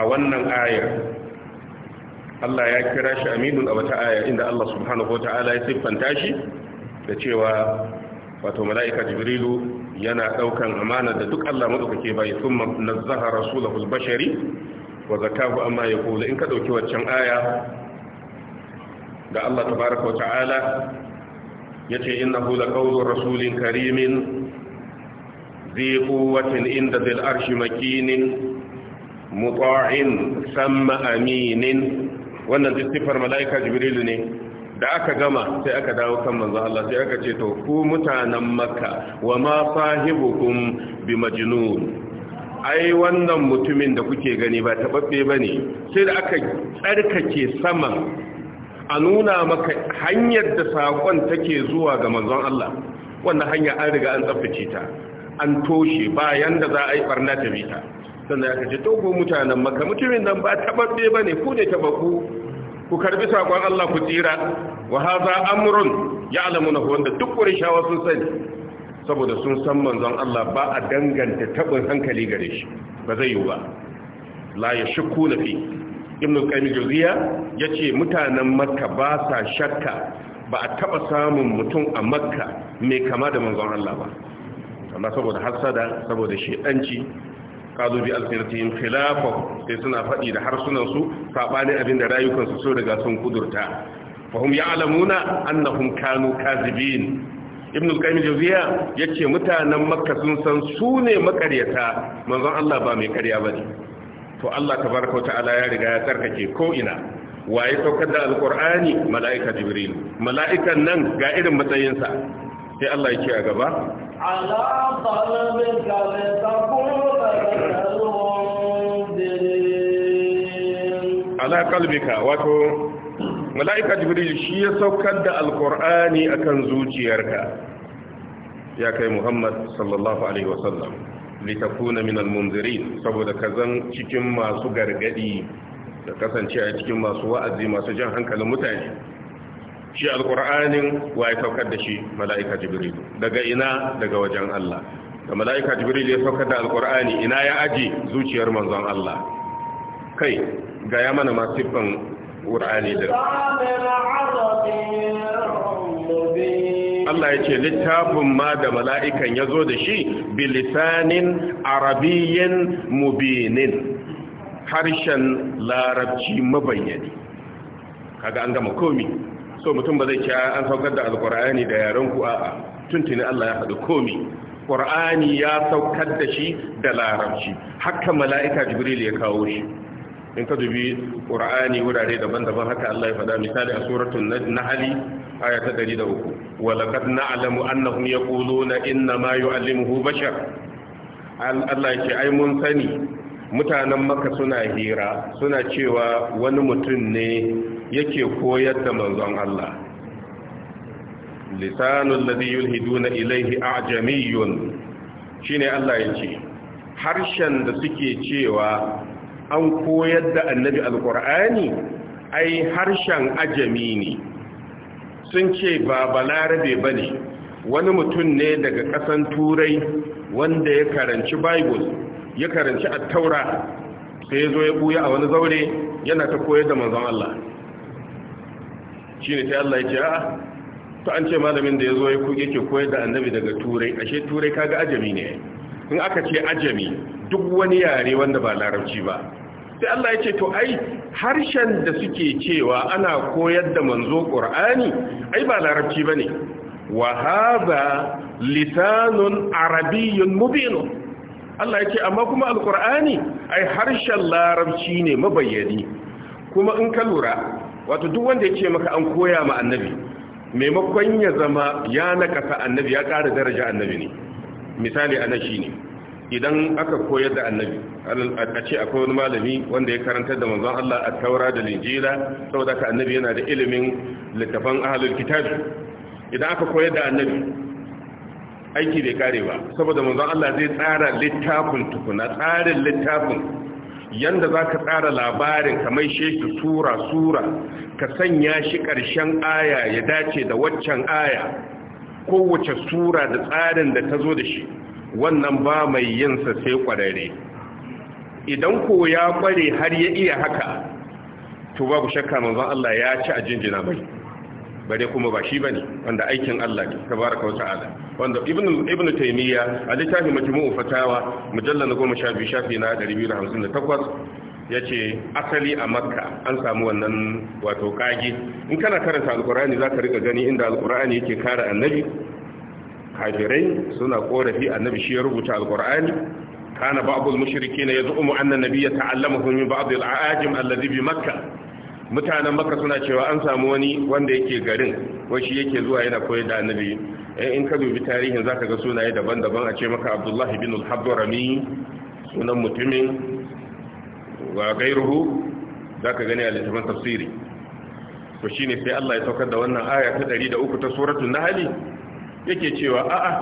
a wannan ayar Allah ya kira shi aminun a wata aya inda Allah subhanahu wata'ala ya siffanta shi da cewa wato mala'ika jibrilu yana daukan amana da duk Allah madaukake bai thumma nazzaha rasulahu al-bashari wa zakahu amma yaqulu in ka dauki waccan aya ga Allah tabaraka wa ta'ala yace innahu laqawlu rasulin karimin ذي قوة عند ذي الأرش مكين مطاع ثم أمين wannan duk mala'ika jibrilu ne da aka gama sai aka dawo kan manzo Allah sai aka ce to ku mutanen makka wa ma sahibukum bi majnun ai wannan mutumin da kuke gani ba tababbe bane sai da aka tsarkake saman a nuna maka hanyar da saƙon take zuwa ga manzon Allah wanda hanya an riga an tsaftace ta an toshe bayan da za a yi barna ta bita sannan aka ce togo mutanen maka mutumin nan ba taɓaɓɓe ba ne ku ne taɓaɓɓu ku karbi saƙon Allah ku tsira wa haza amrun ya alamuna wanda duk ƙurishawa sun sani saboda sun san manzon Allah ba a danganta taɓin hankali gare shi ba zai yi ba la ya shakku na fi ibn al yace mutanen makka ba sa shakka ba a taba samun mutum a makka mai kama da manzon Allah ba amma saboda hasada saboda shedanci kazo bi alfinatihim khilafa sai suna faɗi da harsunan su sabani abin da rayukan su so daga sun kudurta fahum ya'lamuna annahum kanu kazibin ibn al yace mutanen makka sun san su ne makaryata manzon Allah ba mai karya bane to Allah tabaraka ta'ala ya riga ya tsarkake ko ina waye saukar da alqur'ani mala'ika jibril mala'ikan nan ga irin matsayinsa sai Allah ya ce a gaba ala talabika ala kalbika wato mala'ika jibril shi ya saukar da alqur'ani akan zuciyarka ya kai muhammad sallallahu alaihi wasallam litakuna min almunzirin saboda kazan cikin masu gargadi da kasance a cikin masu wa'azi masu jan hankalin mutane shi alqur'anin wa ya saukar da shi mala'ika jibril daga ina daga wajen Allah da mala'ika jibril ya saukar da alqur'ani ina ya aje zuciyar manzon Allah kai ga ya mana ma siffan qur'ani da Allah ya ce littafin ma da mala'ikan ya zo da shi bilisanin arabiyyin mubinin harshen larabci mabayyani kaga an gama komi so mutum ba zai ce an saukar da alkur'ani da yaren ku a tuntuni Allah ya haɗu komi Kur'ani ya saukar da shi da larabci haka mala'ika jibril ya kawo shi in ka dubi qur'ani wurare daban-daban haka Allah ya faɗa misali a suratul nahl aya ta 103 wa laqad na'lamu annahum yaquluna inna ma yu'allimuhu bashar Allah ya ce ai mun sani mutanen maka suna hira suna cewa wani mutum ne yake koyar da manzon Allah lisanul ladhi yulhiduna ilayhi a'jamiyyun shine Allah ya ce harshen da suke cewa an koyar da annabi alkur'ani ai harshen ajami ne sun ce ba balarabe ba ne wani mutum ne daga ƙasan turai wanda ya karanci bible ya karanci attaura sai ya zo ya buya a wani zaure yana ta koyar da manzon Allah shi ne sai Allah ya ce a to an ce malamin da ya zo ya yake koyar da annabi daga turai ashe turai kaga ajami ne in aka ce ajami duk wani yare wanda ba larabci ba sai Allah ya ce to ai harshen da suke cewa ana koyar da manzo qur'ani ai ba larabci bane wa hadha lisanun arabiyyun mubin Allah ya ce amma kuma alqur'ani ai harshen larabci ne mabayyani kuma in ka lura wato duk wanda ya ce maka an koya ma annabi maimakon ya zama ya nakasa annabi ya ƙara daraja annabi ne misali shi ne, idan aka koyar da annabi a ce akwai wani malami wanda ya karantar da manzon Allah a taura da linjila saboda ka annabi yana da ilimin littafan ahlul kitabi idan aka koyar da annabi aiki bai kare ba saboda manzon Allah zai tsara littafin tukuna tsarin littafin yanda za ka tsara labarin kamar shi shi sura sura ka sanya shi ƙarshen aya ya dace da waccan aya kowace sura da tsarin da ta zo da shi wannan ba mai yinsa sai kwararre idan ko ya kware har ya iya haka to babu shakka manzon Allah ya ci a jinjina mai bare kuma ba shi bane wanda aikin Allah ne tabaraka wata'ala wanda ibnu ibnu taymiya a littafin majmu'u fatawa mujallal 12 shafi na 258 ya ce asali a makka an samu wannan wato kage in kana karanta alkur'ani za ka rika gani inda alkur'ani yake kare annabi kafirai suna korafi annabi shi ya rubuta alkur'ani kana ba'dul mushrikeena yaz'umu anna nabiyya ta'allamahu min ba'd al-aajim allazi bi makka mutanen makka suna cewa an samu wani wanda yake garin wai shi yake zuwa yana koyar da annabi eh, in ka dubi tarihin zaka ga sunaye daban-daban a ce maka abdullahi bin al habrami sunan mutumin wa gairuhu za ka gani a littafin tafsiri to shi ne sai Allah ya saukar da wannan aya ta 103 ta suratun nahali yake cewa a'a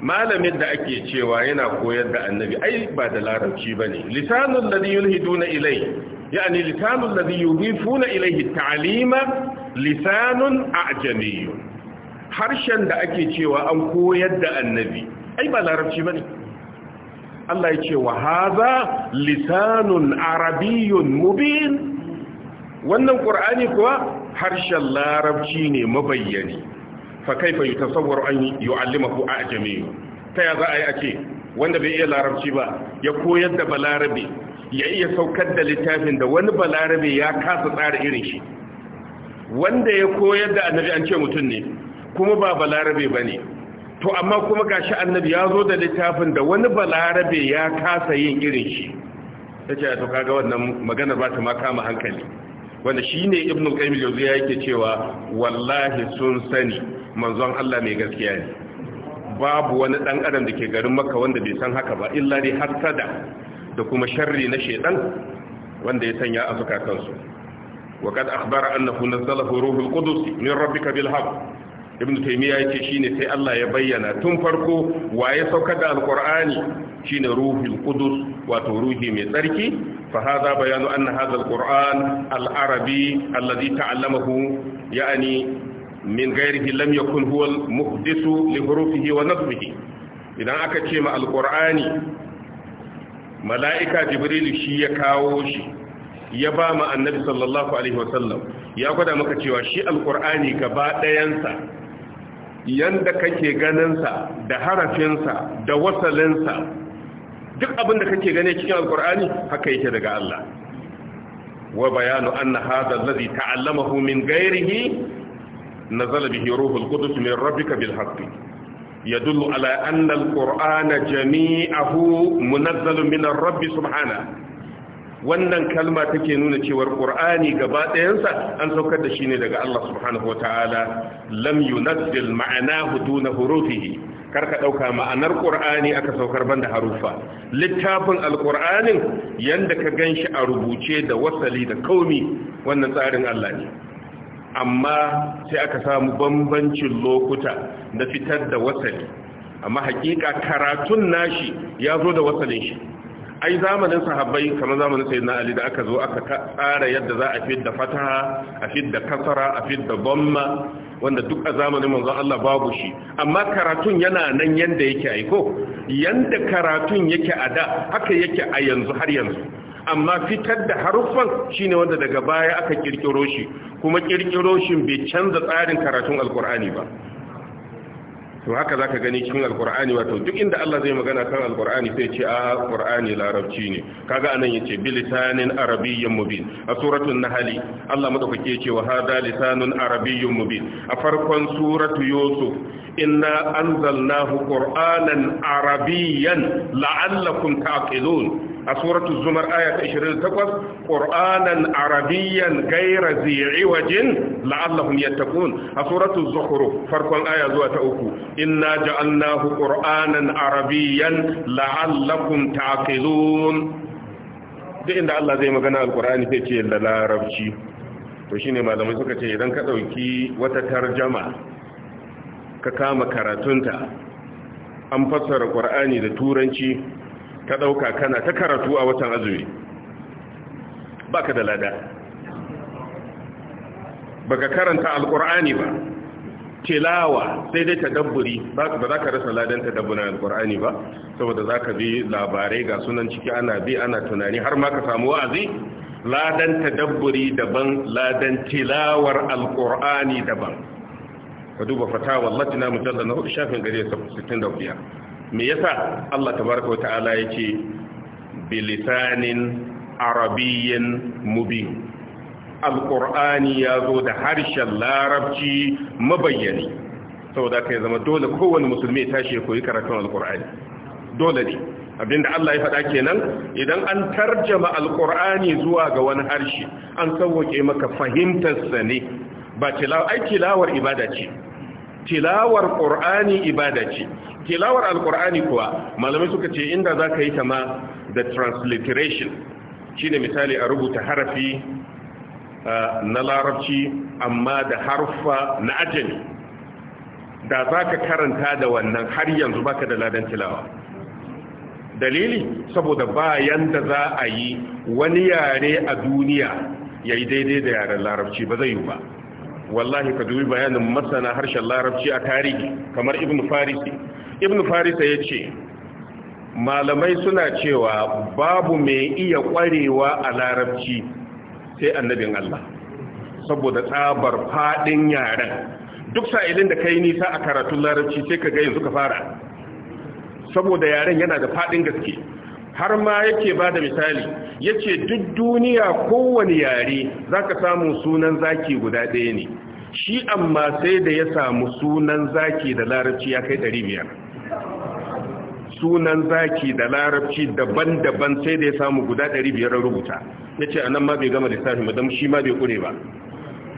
malamin da ake cewa yana koyar da annabi ai ba da larabci ba ne lisanun da yulhiduna ilai ya'ani lisanun da yulhifuna ilaihi ta'alima lisanun ajamiyyu harshen da ake cewa an koyar da annabi ai ba larabci ba ne Allah ya ce wa haza lisanun arabiyyun mubin wannan qur'ani kuwa harshen larabci ne mabayyani fa kaifa yutasawwaru an yu'allimahu ajami ta ya za a yi a ce wanda bai iya larabci ba ya koyar da balarabe ya iya saukar da littafin da wani balarabe ya kasa tsara irin shi wanda ya koyar da annabi an ce mutum ne kuma ba balarabe bane to amma kuma gashi annabi ya zo da littafin da wani balarabe ya kasa yin irin shi ta ce to kaga wannan maganar ba ta ma kama hankali wanda shi ne ibn al-qayyim ya yake cewa wallahi sun sani manzon Allah mai gaskiya ne babu wani dan adam da ke garin makka wanda bai san haka ba illa dai hasada da kuma sharri na shedan wanda ya sanya a zukatansu وقد أخبر أنه نزله روح القدس من ربك بالحق ibn taymiya yace shine sai Allah ya bayyana tun farko waye saukar da alqur'ani shine ruhul qudus wato ruhi mai tsarki fa hadha bayanu anna hadha alqur'an al-arabi alladhi ta'allamahu ya'ni min ghairihi lam yakun huwa al-muhdith li hurufihi wa idan aka ce ma alqur'ani mala'ika jibril shi ya kawo shi ya ba ma annabi sallallahu alaihi wasallam ya gwada maka cewa shi alqur'ani gaba ɗayansa yanda kake ganinsa da harafinsa da wasalinsa duk abin da kake gane cikin alkur'ani haka yake daga Allah wa bayanu anna hadha alladhi ta'allamahu min ghayrihi nazala bihi ruhul qudus min rabbika bil haqq yadullu ala anna alqur'ana jami'ahu munazzalun min ar-rabb subhanahu wannan kalma take nuna cewar qur'ani gaba ɗayansa an saukar da shi ne daga Allah subhanahu wataala lam yunazzil ma'anahu duna hurufihi karka dauka ma'anar qur'ani aka saukar banda harufa littafin alqur'anin yanda ka ganshi a rubuce da wasali da kaumi wannan tsarin Allah ne amma sai aka samu bambancin lokuta da fitar da wasali amma hakika karatun nashi ya zo da wasalin shi ai zamanin sahabbai kamar zamanin sayyidina ali da aka zo aka tsara yadda za a fidda fataha a fidda kasara a fidda bomma, wanda duk a zamanin manzon Allah babu shi amma karatun yana nan yanda yake ai ko yanda karatun yake a da haka yake a yanzu har yanzu amma fitar da haruffan shine wanda daga baya aka kirkiro shi kuma kirkiro shi bai canza tsarin karatun alkur'ani ba to haka zaka gani cikin alqur'ani wato duk inda Allah zai magana kan alqur'ani sai ce a ah, qur'ani larabci ne kaga anan yace lisanin arabiyyin mubin a suratul nahl Allah madaukake yace wa hada lisanun arabiyyin mubin a farkon suratu yusuf inna anzalnahu qur'anan arabiyyan la'allakum taqilun a suratul zumar aya ta 28 qur'anan arabiyyan ghayra zi'iwajin la'allahum yattaqun a suratul zukhruf farkon aya zuwa ta uku inna ja'alnahu qur'anan arabiyyan la'allakum ta'qilun duk inda Allah zai magana alqur'ani sai ce da larabci to shine malamai suka ce idan ka dauki wata tarjama ka kama karatunta an fassara qur'ani da turanci ka ɗauka kana ta karatu a watan azumi ba ka da lada ba ka karanta Alƙur'ani ba tilawa sai dai tadabburi ba za ka rasa ladan tadabburin Alƙur'ani ba saboda za ka bi labarai ga sunan ciki ana bi ana tunani har ma ka samu wa'azi ladan tadabburi daban ladan tilawar Alƙur'ani daban ka duba fatawa latina mujallar na hudu shafin gari 65 me yasa Allah tabaraka ta'ala yake bilisanin arabiyyin mubin alqur'ani yazo da harshen larabci mabayyani saboda kai zama dole kowanne musulmi ya tashi ya koyi karatun alqur'ani dole ne abinda Allah ya faɗa kenan idan an tarjama alqur'ani zuwa ga wani harshe an sauke maka fahimtar sa ne ba tilawa tilawar ibada ce tilawar qur'ani ibada ce tilawar alqur'ani kuwa malamai suka ce inda za ka yi ta ma da transliteration shine misali a rubuta harafi na larabci amma da harfa na ajami da za ka karanta da wannan har yanzu baka da ladan tilawa dalili saboda bayan da za a yi wani yare a duniya ya yi daidai da yaren larabci ba zai yi ba wallahi ka dubi bayanin masana harshen larabci a tarihi kamar ibn farisi ibn farisa ya ce malamai suna cewa babu mai iya kwarewa a larabci sai annabin Allah saboda tsabar fadin yaren duk sa'ilin da kai nisa a karatun larabci sai ka ga yanzu ka fara saboda yaren yana da fadin gaske har ma yake ba da misali ya ce duk duniya kowane yare za ka samu sunan zaki guda ɗaya ne shi amma sai da ya samu sunan zaki da larabci ya kai ɗari biyar sunan zaki da larabci daban-daban sai da ya samu guda ɗari biyar rubuta ya ce a nan ma bai gama lissafi madam shi ma bai ƙure ba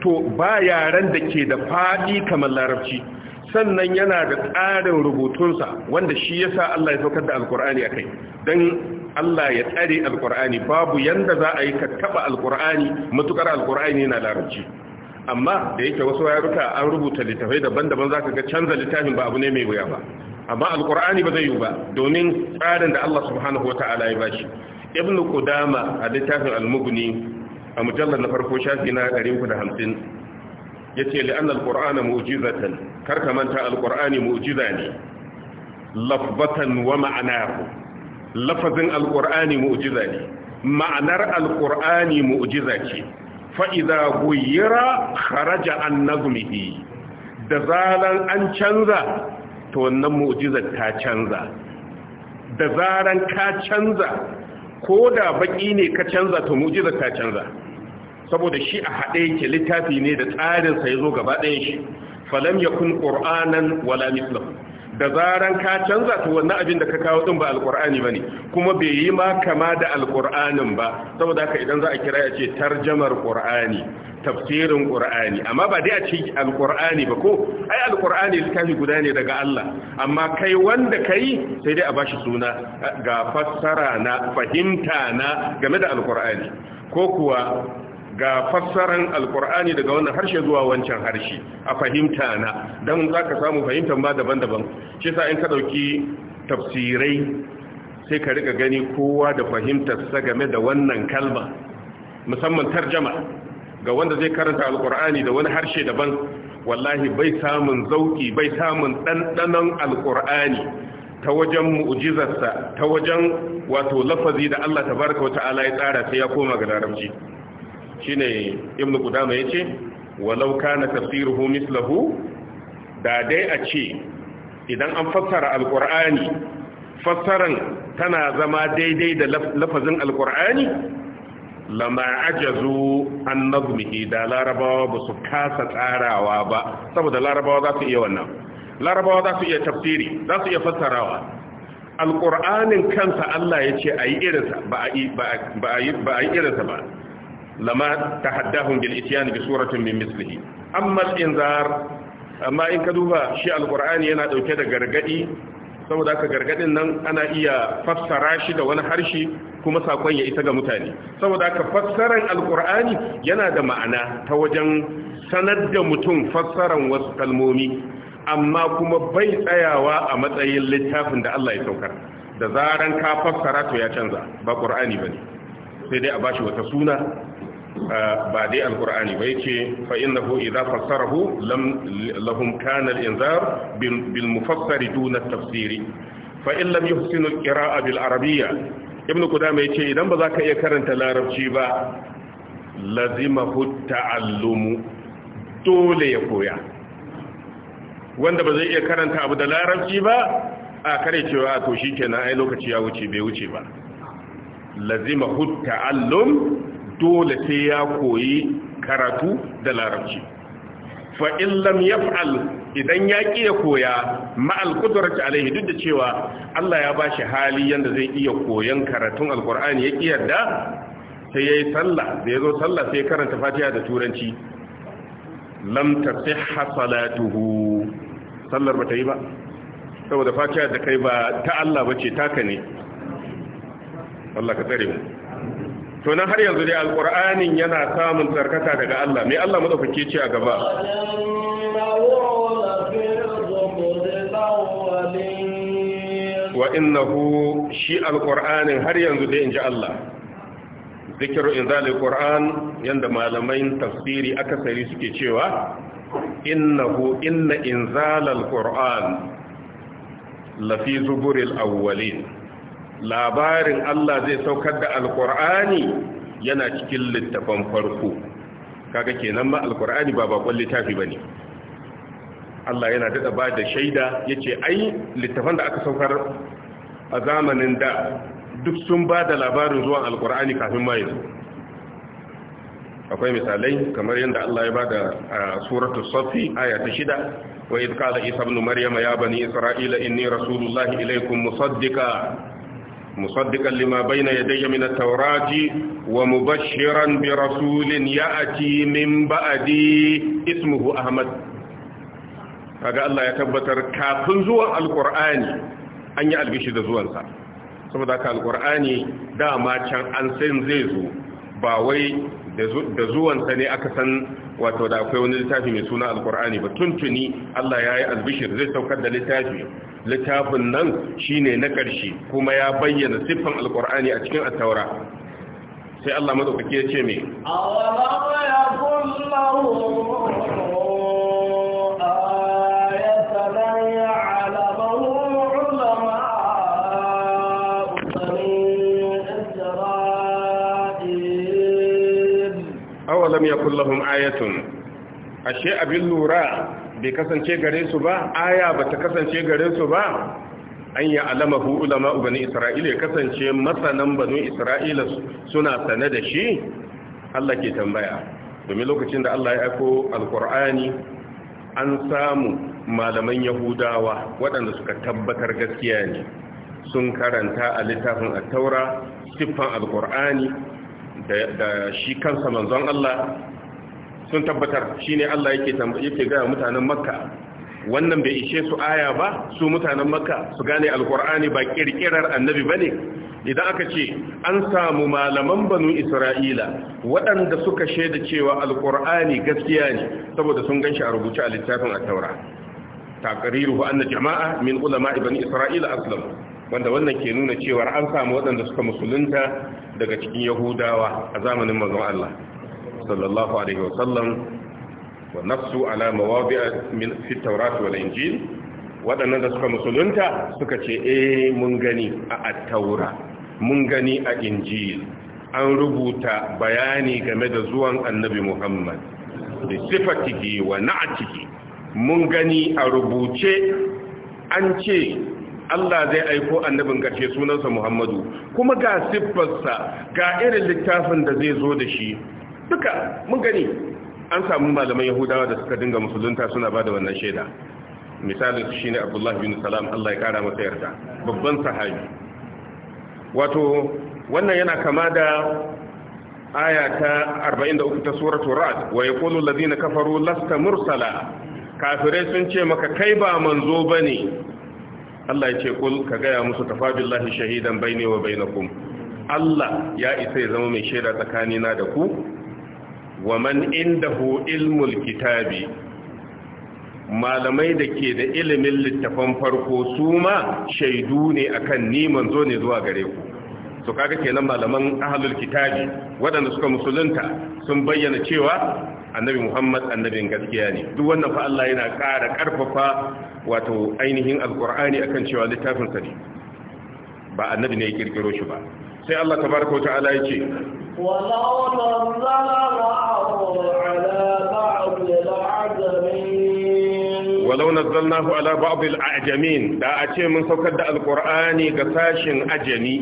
to ba yaren da ke da faɗi kamar larabci sannan yana da tsarin rubutunsa wanda shi ya sa Allah ya saukar da alkur'ani a kai don Allah ya tsare alkur'ani babu yadda za a yi ka taɓa alkur'ani matukar alkur'ani na larabci amma da yake wasu yaruka an rubuta littafai daban-daban ka ga canza littafin ba abu ne mai wuya ba amma alkurani ba zai yi ba domin tsarin da Allah subhanahu ta'ala ya bashi ibnu kudama a littafin almubni, a mujallar na farko shafi na 350 yace li'anna al-qur'ana mu'jizatan karka manta al mu'jiza ne lafzatan wa ma'anahu lafazin alkur'ani qurani mu'jiza ne ma'anar alkur'ani mu'ujiza mu'jiza ce fa'iza guyira kharaja an nazmihi da zaran an canza ta wannan mu'ujizar ta canza da zaran ka canza ko da baki ne ka canza ta mu'ujizar ta canza saboda shi a haɗe yake littafi ne da tsarinsa ya zo gaba ɗayan shi falam yakun wala mislahu da zaran ka canza to wannan abin da ka kawo din ba alqur'ani bane kuma bai yi ma kama da alqur'anin ba saboda haka idan za a kira ya ce tarjamar qur'ani tafsirin qur'ani amma ba dai a ce alqur'ani ba ko ai alqur'ani littafi guda ne daga Allah amma kai wanda kai sai dai a bashi suna ga fassara na fahimta na game da alqur'ani ko kuwa ga fassaran alkur'ani daga wannan harshe zuwa wancan harshe a fahimta na don za ka samu fahimtar ba daban-daban shi sa in ka ɗauki tafsirai sai ka rika gani kowa da fahimtarsa game da wannan kalma musamman tarjama ga wanda zai karanta alkur'ani da wani harshe daban wallahi bai samun zauki bai samun ɗanɗanon alkur'ani ta wajen mu'jizarsa ta wajen wato lafazi da Allah tabaraka wata ta'ala ya tsara sai ya koma ga larabci shine ibnu qudama yace walau kana tafsiruhu mislahu da dai a ce idan an fassara alqur'ani fassaran tana zama daidai da lafazin alqur'ani lama ajazu an nazmihi da larabawa ba su kasa tsarawa ba saboda larabawa za su iya wannan larabawa za su iya tafsiri za su iya fassarawa alƙur'anin kansa Allah ya ce a yi irinsa ba a yi irinsa ba lama tahaddahum bil ityan bi suratin min mislihi amma al inzar amma in ka duba shi alqur'ani yana ɗauke da gargadi saboda haka gargadin nan ana iya fassara shi da wani harshe kuma sakon ya isa ga mutane saboda haka fassaran alkur'ani yana da ma'ana ta wajen sanar da mutum fassaran wasu kalmomi amma kuma bai tsayawa a matsayin littafin da Allah ya saukar da zarar ka fassara to ya canza ba qur'ani ne. sai dai a bashi wata suna ba dai alkur'ani ba yake fa innahu idza fassarahu lam lahum kana al-inzar bil mufassar duna tafsiri fa in lam yuhsinu al-qira'a bil arabiyya ibn qudama yace idan ba za ka iya karanta larabci ba lazima lazimahu ta'allumu dole ya koya wanda ba zai iya karanta abu da larabci ba a kare cewa to shikenan ai lokaci ya wuce bai wuce ba lazima lazimahu ta'allum dole sai ya koyi karatu da larabci fa in lam yaf'al idan ya ki ya koya ma'al qudrati alaihi duk da cewa Allah ya bashi hali yanda zai iya koyan karatun alqur'ani ya ki yarda sai yayi sallah da yazo sallah sai karanta fatiha da turanci lam tasihha salatuhu sallar bata yi ba saboda fatiha da kai ba ta Allah bace taka ne Allah ka tsare mu to nan har yanzu dai alqur'anin yana samun tsarkaka daga Allah me Allah madaukake ce a gaba wa innahu shi alqur'anin har yanzu dai inji Allah zikiru inzalil qur'an yanda malamai tafsiri akasari suke cewa innahu inna inzalal qur'an lafi zuburil awwalin labarin Allah zai saukar da alkur'ani yana cikin littafin farko kaga kenan ma alkur'ani ba bakon littafi ne. Allah yana daɗa ba da shaida yace ai littafin da aka saukar a zamanin da duk sun ba da labarin zuwan alkur'ani kafin ma yanzu akwai misalai kamar yadda Allah ya bada a suratu safi aya ta shida wa idh qala isa ibn maryama ya bani isra'ila inni rasulullahi ilaikum musaddiqan مصدقا لما بين يدي من التوراة ومبشرا برسول يأتي من بعدي اسمه أحمد kaga Allah ya tabbatar kafin zuwan alkur'ani an yi albishi da zuwansa saboda ka alkur'ani dama can an san zai zo ba wai da sa ne aka san wato da akwai wani littafi mai suna alkur'ani ba tuntuni Allah ya yi albishir zai saukar da littafi littafin nan shine na ƙarshe kuma ya bayyana siffan alkur'ani a cikin attaura sai Allah madaukake ya ce me lam yakul lahum ayatun ashe abin lura bai kasance gare su ba aya bata kasance gare su ba an ya alamahu ulama bani isra'ila ya kasance masanan bani isra'ila suna sane da shi Allah ke tambaya domin lokacin da Allah ya aiko alkur'ani an samu malaman yahudawa waɗanda suka tabbatar gaskiya ne sun karanta a littafin attaura siffan alkur'ani da shi kansa manzon Allah sun tabbatar shine Allah yake yake ga mutanen Makka wannan bai ishe su aya ba su mutanen Makka su gane alkur'ani ba kirkirar annabi bane idan aka ce an samu malaman banu Isra'ila waɗanda suka shaida cewa alkur'ani gaskiya ne saboda sun ganshi a rubuce a littafin at-Taura taqriruhu anna jama'a min ulama'i bani Isra'ila aslamu wanda wannan ke nuna cewar an samu waɗanda suka musulunta daga cikin yahudawa a zamanin mazan Allah sallallahu alaihi wasallam wa nafsu ala mawadi'a fi tawrat wal injil waɗannan da suka musulunta suka ce eh mun gani a at-taura mun gani a injil an rubuta bayani game da zuwan annabi Muhammad da sifatihi wa na'atihi mun gani a rubuce an ce Allah zai aiko annabin ƙarshe sunansa Muhammadu kuma ga siffarsa ga irin littafin da zai zo da shi duka mun gani an samu malaman Yahudawa da suka dinga musulunta suna bada wannan shaida Misali su shine Abdullah bin Salam Allah ya kara masa yarda babban sahabi wato wannan yana kama da aya ta 43 ta suratul Ra'd wa yaqulu alladhina kafaru lasta mursala kafirai sun ce maka kai ba manzo bane Allah ya ce kul ka gaya musu kafa shahidan baini wa bainakum Allah ya isa ya zama mai shaida tsakanina da ku wa man indahu ilmul kitabi malamai da ke da ilimin littafan farko su ma shaidu ne akan ni manzo ne zuwa gare ku to kaga kenan malaman ahlul kitabi waɗanda suka musulunta sun bayyana cewa annabi muhammad annabin gaskiya ne duk wannan fa Allah yana ƙara ƙarfafa wato ainihin alƙur'ani akan cewa littafin sa ne ba annabi ne ya kirkiro shi ba sai Allah tabaraka wa ta'ala yake walau nazzala ala ba'd al-a'jamin walau nazzalnahu ala ba'd al-a'jamin da a ce mun saukar da alƙur'ani ga sashin ajami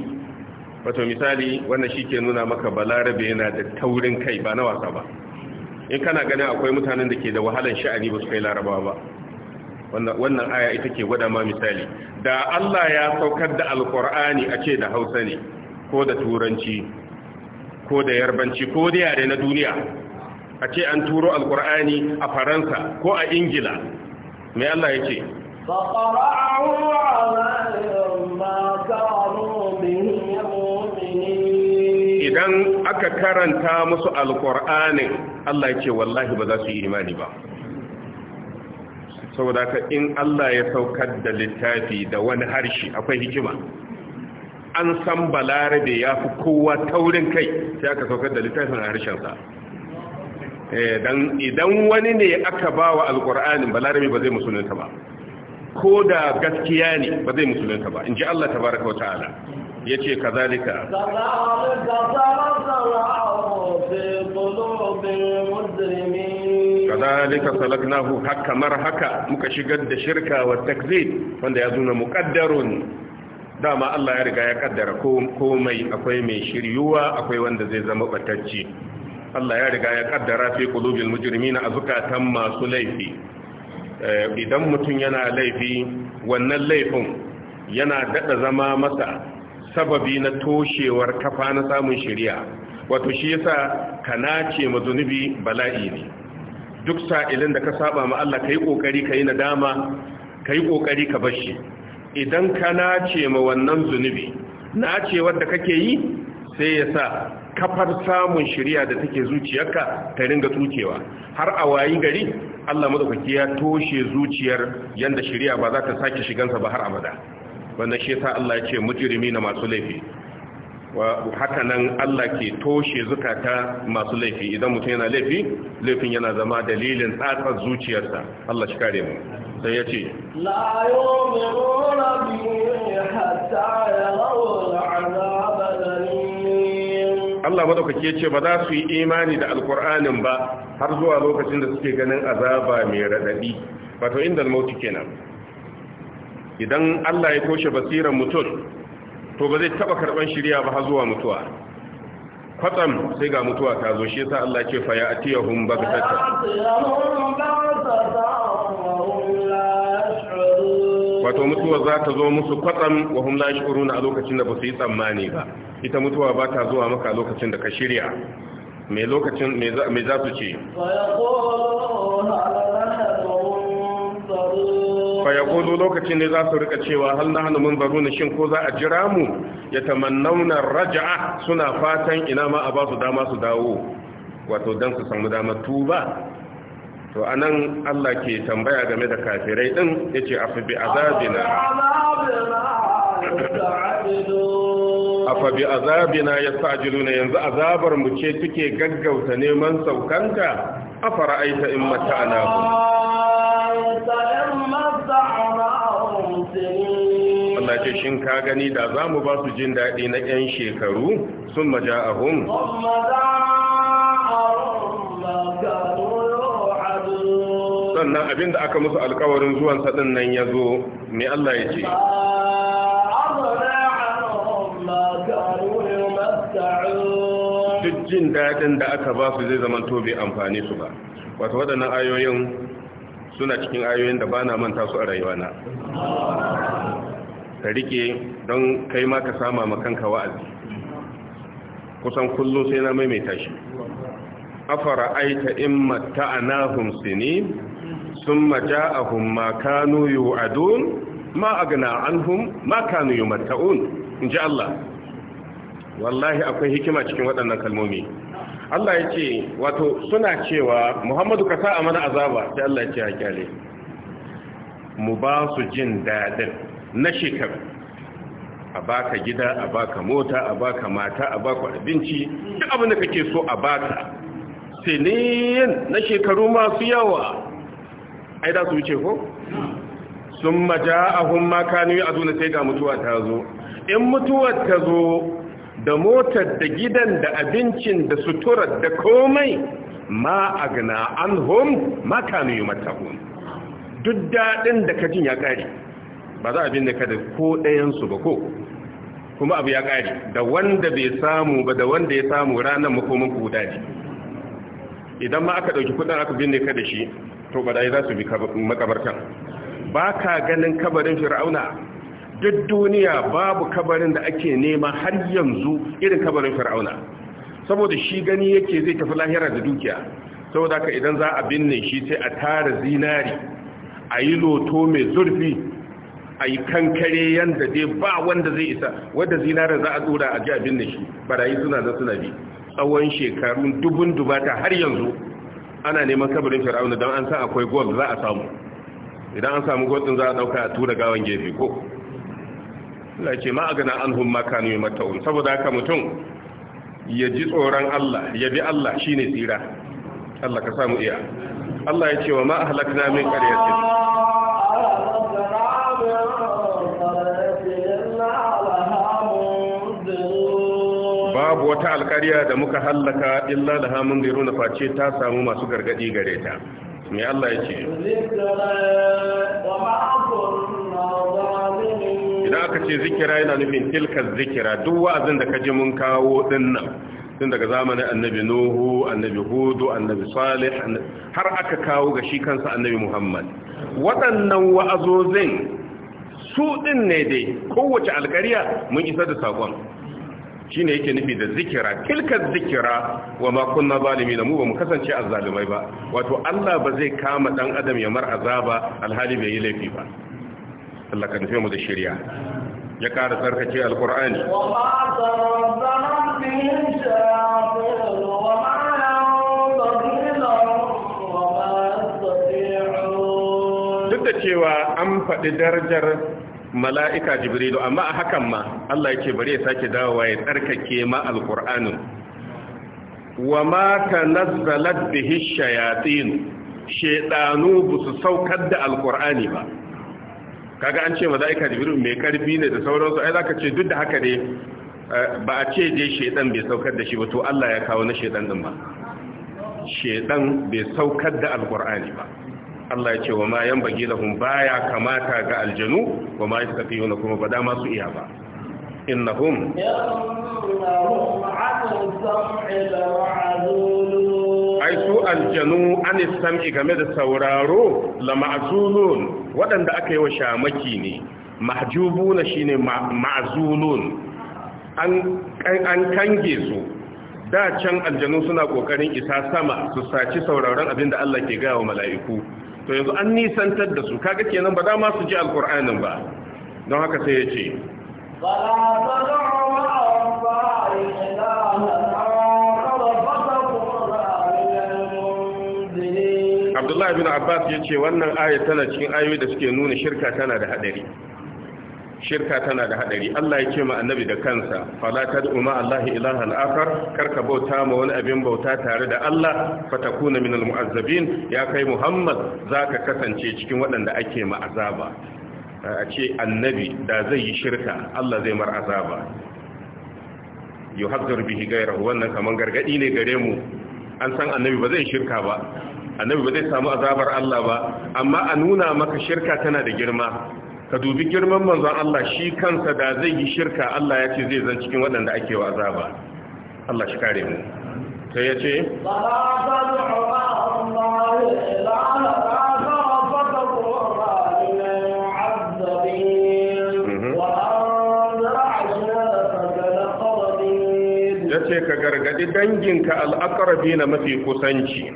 wato misali wannan shi ke nuna maka balarabe yana da taurin kai ba na wasa ba in kana gani akwai mutanen da ke da wahalan sha'ani ba su kai larabawa ba wannan aya ita ke gwada ma misali da Allah ya saukar da alkur'ani a ce da hausa ne ko da turanci ko da yarbanci ko da yare na duniya a ce an turo alkur'ani a faransa ko a ingila mai Allah ya ce idan aka karanta musu alkur'anin Allah ya ce wallahi ba za su yi imani ba saboda ka in Allah ya saukar da littafi da wani harshe akwai hikima an san balarabe ya fi kowa taurin kai sai aka saukar da littafin a harshensa eh, idan wani ne aka ba wa alkur'anin balarabe ba zai musulunta ba ko da gaskiya ne ba zai musulunta ba in ji Allah tabaraka wa ta'ala ya ce ka zalika kazalika salaknahu haka kamar haka muka shigar da shirka wa takzid wanda ya zuna muqaddarun dama Allah ya riga ya kaddara komai akwai mai shiryuwa akwai wanda zai zama batacci Allah ya riga ya kaddara fi qulubil mujrimina azukatan masu laifi eh, idan mutum yana laifi wannan laifin yana daɗa zama masa sababi na toshewar kafa na samun shari'a wato shi yasa ka nace ma zunubi bala'i ne duk sa'ilin da ka saba ma Allah kai kokari kai nadama kai kokari ka bar shi. idan ka nace ma wannan zunubi nace wanda kake yi sai yasa kafar samun shari'a da take zuciyarka ta ringa tucewa har a wayi gari Allah madaukaki ya toshe zuciyar yanda shari'a ba za ta sake shigansa ba har abada wannan shi yasa Allah ya ce mujrimi na masu laifi wa haka nan Allah ke toshe zukata masu laifi idan mutum yana laifi laifin yana zama dalilin tsatsar zuciyarsa Allah shi kare mu sai ya ce la yu'minuna bihi hatta yarawul 'azab Allah madaukaki yace ba za su yi imani da alkur'anin ba har zuwa lokacin da suke ganin azaba mai radadi wato inda al kenan idan Allah ya toshe basiran mutum to ba zai taba karban shirya ba har zuwa mutuwa kwatsam sai ga mutuwa ta zo shi yasa Allah ce fa ya atiyahum baghtata wato mutuwa za ta zo musu kwatsam wa hum la yashuruna a lokacin da ba su yi tsammani ba ita mutuwa ba ta zuwa maka a lokacin da ka shirya me lokacin me za su ce fa yaqulu lokacin ne za su rika cewa hal mun baruna shin ko za a jira mu ya tamannauna raja'a suna fatan ina ma a ba su dama su dawo wato dan su samu dama tuba to anan Allah ke tambaya game da kafirai din yace afa bi azabina afa bi azabina yastajiluna yanzu azabar mu ce suke gaggauta neman saukanta afara aita in mata'ana ku Allah ce shin ka gani da za mu ba su jin daɗi na 'yan shekaru sun maja a hun. Sannan abinda aka musu alkawarin zuwan saɗin nan ya zo, me Allah ya ce. Duk jin daɗin da aka ba su zai zama tobe amfani su ba. Wata waɗannan ayoyin suna cikin ayoyin da bana manta su a rayuwana ka rike don kai ma ka sama ma kanka wa'azi kusan kullum sai na maimaita shi afara aita in matta'anahum sinin summa ja'ahum ma kanu yu'adun ma hun makanu ma kanu in ji Allah wallahi akwai hikima cikin waɗannan kalmomi Allah ya ce wato suna cewa Muhammadu ka sa a mana azaba sai Allah ya ce haƙyale mu ba su jin daɗin na shekaru a baka gida a baka mota a baka mata a baka abinci duk abin da kake so a baka sinin na shekaru masu yawa ai da su wuce ko sun maja'ahun makanu a duna sai ga mutuwa ta zo in mutuwa ta zo da motar da gidan da abincin da suturar da komai ma agna anhum ma kanu yumatahun duk dadin da kajin ya kare ba za abin da ka da ko ɗayan su ba ko kuma abu ya kare da wanda bai samu ba da wanda ya samu ranar makomin ku ji. idan ma aka dauki kudin aka binne ka da shi to ba dai za su bi makabartan ba ka ganin kabarin fir'auna duk duniya babu kabarin da ake nema har yanzu irin kabarin fir'auna saboda shi gani yake zai tafi lahira da dukiya saboda ka idan za a binne shi sai a tara zinari a yi loto mai zurfi a yi kankare yadda dai ba wanda zai isa wadda zinarin za a tsora a ji a binne shi barayi suna da suna bi tsawon shekarun dubun dubata har yanzu ana neman kabarin fir'auna don an sa akwai gold za a samu idan an samu gold din za a dauka a tura gawan gefe ko Allah ce ma agana maka ne kanu yamatta'un saboda haka mutum ya ji tsoron Allah ya bi Allah shi ne tsira Allah ka samu iya Allah ya ce wa ma na min ce babu wata alkariya da muka hallaka illa da hamun da runa face ta samu masu gargadi gare ta mai Allah ya ce idan aka ce zikira yana nufin tilka zikira duk wa'azin da ka ji mun kawo din nan tun daga zamanin annabi nuhu annabi hudu annabi salih har aka kawo ga shi kansa annabi muhammad waɗannan wa'azozin su din ne dai kowace alkariya mun isa da saƙon ne yake nufi da zikira tilka zikira wa ma kunna zalimin mu ba mu kasance a zalimai ba wato Allah ba zai kama ɗan adam ya mar azaba alhali bai yi laifi ba Allah ka nufe mu da shirya ya ƙara tsarkake alƙur'ani duk da cewa an faɗi darajar mala'ika jibrilu amma a hakan ma Allah ya ce bari ya sake dawowa ya tsarkake ma alƙur'anin wa ma ta nazzalat bihi shayatin shedanu ba saukar da alƙur'ani ba kaga an ce mala'ika jibril mai karfi ne da sauransu ai zaka ce duk da haka ne eh, ba a ce dai shedan bai saukar da shi ba to Allah ya kawo na shedan din ba shedan bai saukar da alqur'ani ba Allah ya ce wa ma yanbaghi lahum baya kamata ga aljanu wa ma yastafiyuna kuma ba da su iya ba innahum Hum. sam'i ai su aljanu an sam'i game da sauraro la ma'zulun waɗanda aka yi wa shamaki ne mahjubuna shine ma'zulun an an kange su da can aljanu suna kokarin isa sama su saci sauraron abin da Allah ke gaya wa mala'iku to yanzu an nisantar da su kaga kenan ba da ma su ji alkur'anin ba don haka sai ya ce ba abdullah bin abbas ya ce wannan ayat tana cikin ayoyi da suke nuna shirka tana da hadari shirka tana da hadari Allah ya ce ma annabi da kansa fala tad'u ma Allah ilahan akhar karka bauta ma wani abin bauta tare da Allah fatakuna min almu'azzabin ya kai Muhammad zaka kasance cikin waɗanda ake ma azaba a ce annabi da zai yi shirka Allah zai mar azaba yuhazzar bihi gairahu wannan kaman gargadi ne gare mu an san annabi ba zai shirka ba annabi ba zai samu azabar Allah ba amma a nuna maka shirka tana da girma ka dubi girman manzon Allah shi kansa da zai yi shirka Allah ya ce zai zan cikin waɗanda ake wa azaba Allah shi kare mu sai ya ce mhm. ya ce ka gargadi danginka al'akarabi na mafi kusanci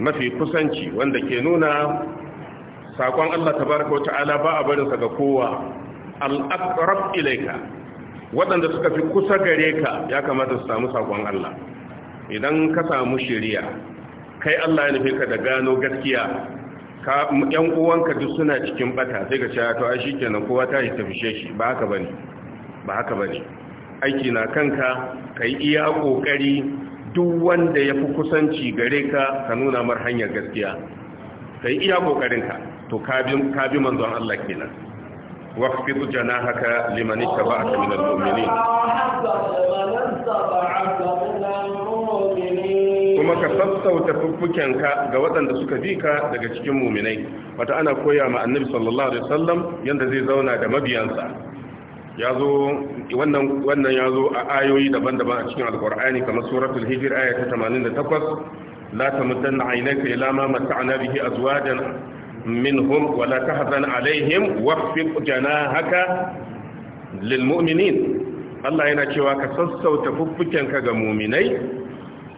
mafi kusanci wanda ke nuna sakon Allah ta tabaraka wa ta'ala ba a barinsa ga kowa al-aqrab ilayka waɗanda suka fi kusa gare ka ya kamata su samu sakon Allah idan ka samu shari'a kai Allah ya nufi ka da gano gaskiya ka yan uwanka duk suna cikin bata sai ka cewa to ai shikenan kowa ta yi tafishe shi ba haka bane ba haka bane aiki na kanka kai iya kokari duk wanda ya fi kusanci gare ka ka nuna mar hanyar gaskiya kai iya kokarinka to ka bi manzon Allah kenan واخفض جناحك ba a من muminin. kuma ka sassauta fuffukenka ga waɗanda suka bi ka daga cikin muminai wata ana koya ma annabi sallallahu alaihi wasallam yanda zai zauna da mabiyansa ya zo wannan wannan ya zo a ayoyi daban-daban a cikin alkur'ani kamar suratul hijr aya ta 88 la tamuddanna aynaka ila ma mata'na bihi azwajan minhum wa la tahzan alaihim waqfid janahaka lil mu'minin Allah yana cewa ka sassauta fuffukenka ga muminai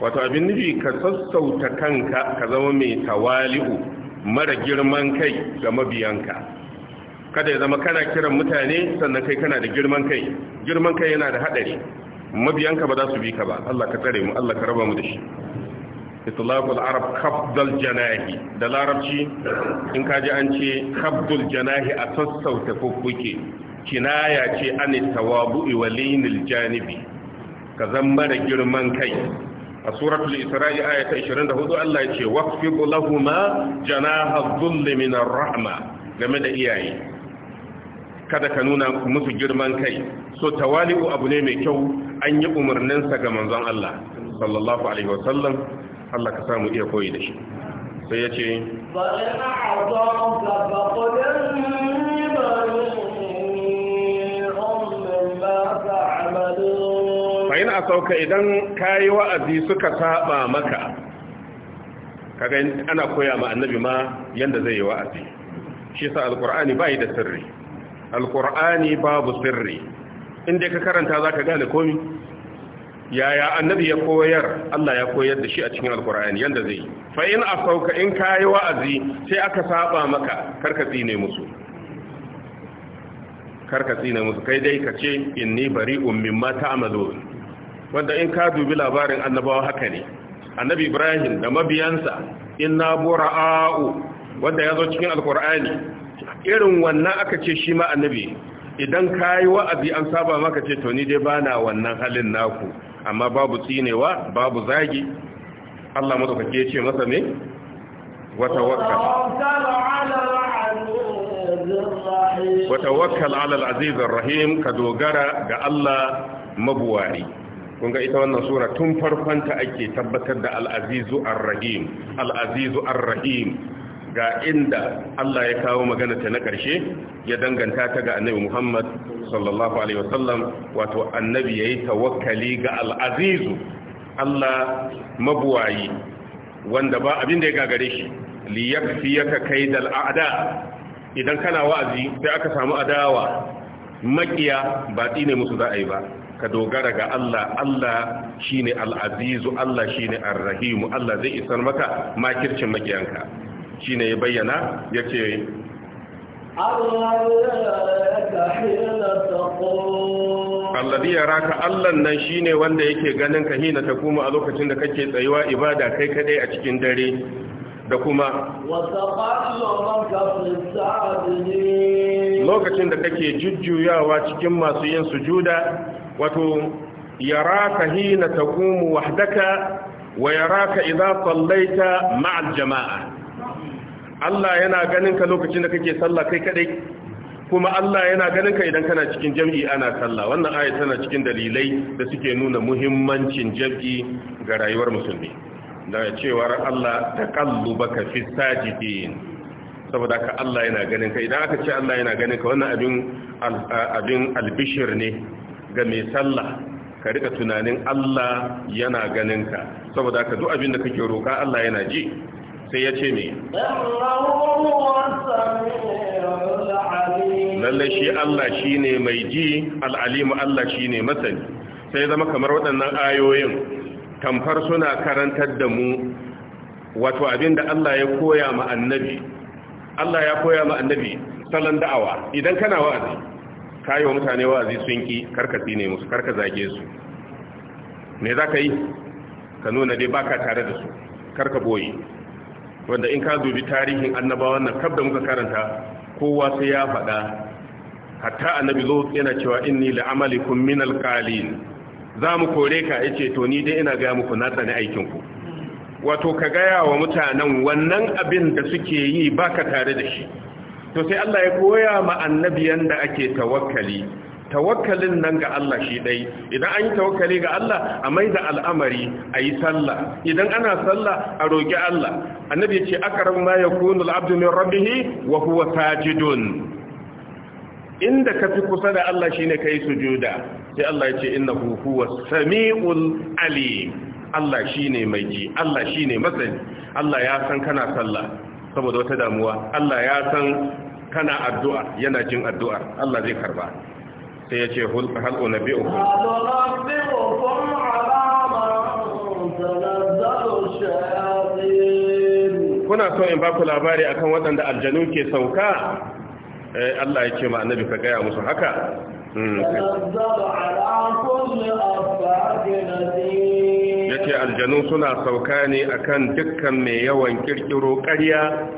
wato abin nufi ka sassauta kanka ka zama mai tawali'u mara girman kai ga mabiyanka kada ya zama kana kiran mutane sannan kai kana da girman kai girman kai yana da hadari mabiyanka ba za su bi ka ba Allah ka tsare mu Allah ka raba mu da shi itlaqul arab kabdal janahi da larabci in kaji an ce kabdul janahi a sassauta fuffuke kinaya ce an tawabu'i wa linil janibi ka zamba da girman kai a suratul isra'i ayata ta 24 Allah ya ce waqfi lahumma janaha dhulli minar rahma game da iyaye kada ka nuna musu girman kai so tawali'u abu ne mai kyau an yi umarninsa ga manzon Allah sallallahu alaihi wasallam Allah ka samu iya koyi da shi sai ya ce fa'in a sauka idan kayi wa'azi suka saba maka kaga ana koya ma annabi ma yanda zai yi wa'azi shi sa alkur'ani bai da sirri alkur'ani babu sirri inda ka karanta za ka gane komi yaya annabi ya koyar Allah ya koyar da shi a cikin alkur'ani yanda zai fa in asauka in kayi wa'azi sai aka saba maka karka tsine musu karka tsine musu kai dai ka ce inni bari'un mimma ta'malun wanda in ka dubi labarin annabawa haka ne annabi Ibrahim da mabiyansa inna bura'u wanda zo cikin alkur'ani irin wannan aka ce shi ma annabi idan ka yi wa'azi an saba maka ce to ni dai ba na wannan halin naku amma babu tsinewa babu zagi Allah matsakake ce masa ne wata waka. wata azizar rahim ka dogara ga Allah mabuwari kunga ita wannan sura tun farkonta ake tabbatar da al'azizu ar al'azizu ar-rahim ga inda Allah ya kawo magana ta na ƙarshe ya danganta ta ga annabi Muhammad sallallahu alaihi wasallam wato annabi yayi tawakkali ga al Allah mabuwayi wanda ba abin da ya gagare shi li kai da al'ada. idan kana wa'azi sai aka samu adawa makiya ba ne musu za a yi ba ka dogara ga Allah Allah shine al al'azizu. Allah shine ar-rahimu Allah zai isar maka makircin makiyanka ne ya bayyana ya yace Allazi yaraka Allah nan shine wanda yake ganin ka hina ta kuma a lokacin da kake tsayuwa ibada kai kadai a cikin dare da kuma lokacin da kake jujjuyawa cikin masu yin sujuda wato yaraka hina taqumu wahdaka wa yaraka idha sallaita ma'al jama'a Allah yana ganin ka lokacin da kake sallah kai kadai kuma Allah yana ganin ka idan kana cikin jam'i ana sallah wannan aya tana cikin dalilai da suke nuna muhimmancin jam'i ga rayuwar musulmi da cewar Allah taqallubaka fi sajidin saboda ka Allah yana ganin ka idan aka ce Allah yana ganin ka wannan abin abin albishir ne ga mai sallah ka rika tunanin Allah yana ganin ka saboda ka duk abin da kake roƙa Allah yana ji sai ya ce me lallai shi Allah shi ne mai ji al'alimu Allah shi ne masani sai zama kamar waɗannan ayoyin tamfar suna karantar da mu wato abin da Allah ya koya ma annabi Allah ya koya ma salon da'awa idan kana wa'azi yi wa mutane wa'azi sun ki karkasi ne musu karka zage su me za ka yi ka nuna dai baka tare da su karka boye wanda in ka dubi tarihin annabawa nan kaf da muka karanta kowa sai ya faɗa hatta annabi zo yana cewa inni la'amalikum min alqalin za mu kore ka yace to ni dai ina ga muku na tsani aikin ku wato ka gaya wa mutanen wannan abin da suke yi baka tare da shi to sai Allah ya koya ma annabiyan da ake tawakkali tawakkalin nan ga Allah shi dai idan an yi tawakkali ga Allah a maida al'amari a yi sallah idan ana sallah a roƙi Allah annabi ce aqrab ma yakunu al'abdu min rabbih wa huwa sajidun inda kafi kusa da Allah shine kai sujuda sai Allah ya ce innahu huwas samiul alim Allah shine mai ji Allah shine masani Allah ya san kana sallah saboda wata damuwa Allah ya san kana addu'a yana jin addu'ar Allah zai karba sai ya ce hal unabi uku kuna so in ba ku labari akan waɗanda aljanu ke sauka Eh Allah ya ce ma annabi ka gaya musu haka hmm, ya ce aljanu suna sauka ne akan dukkan mai yawan kirkiro ƙarya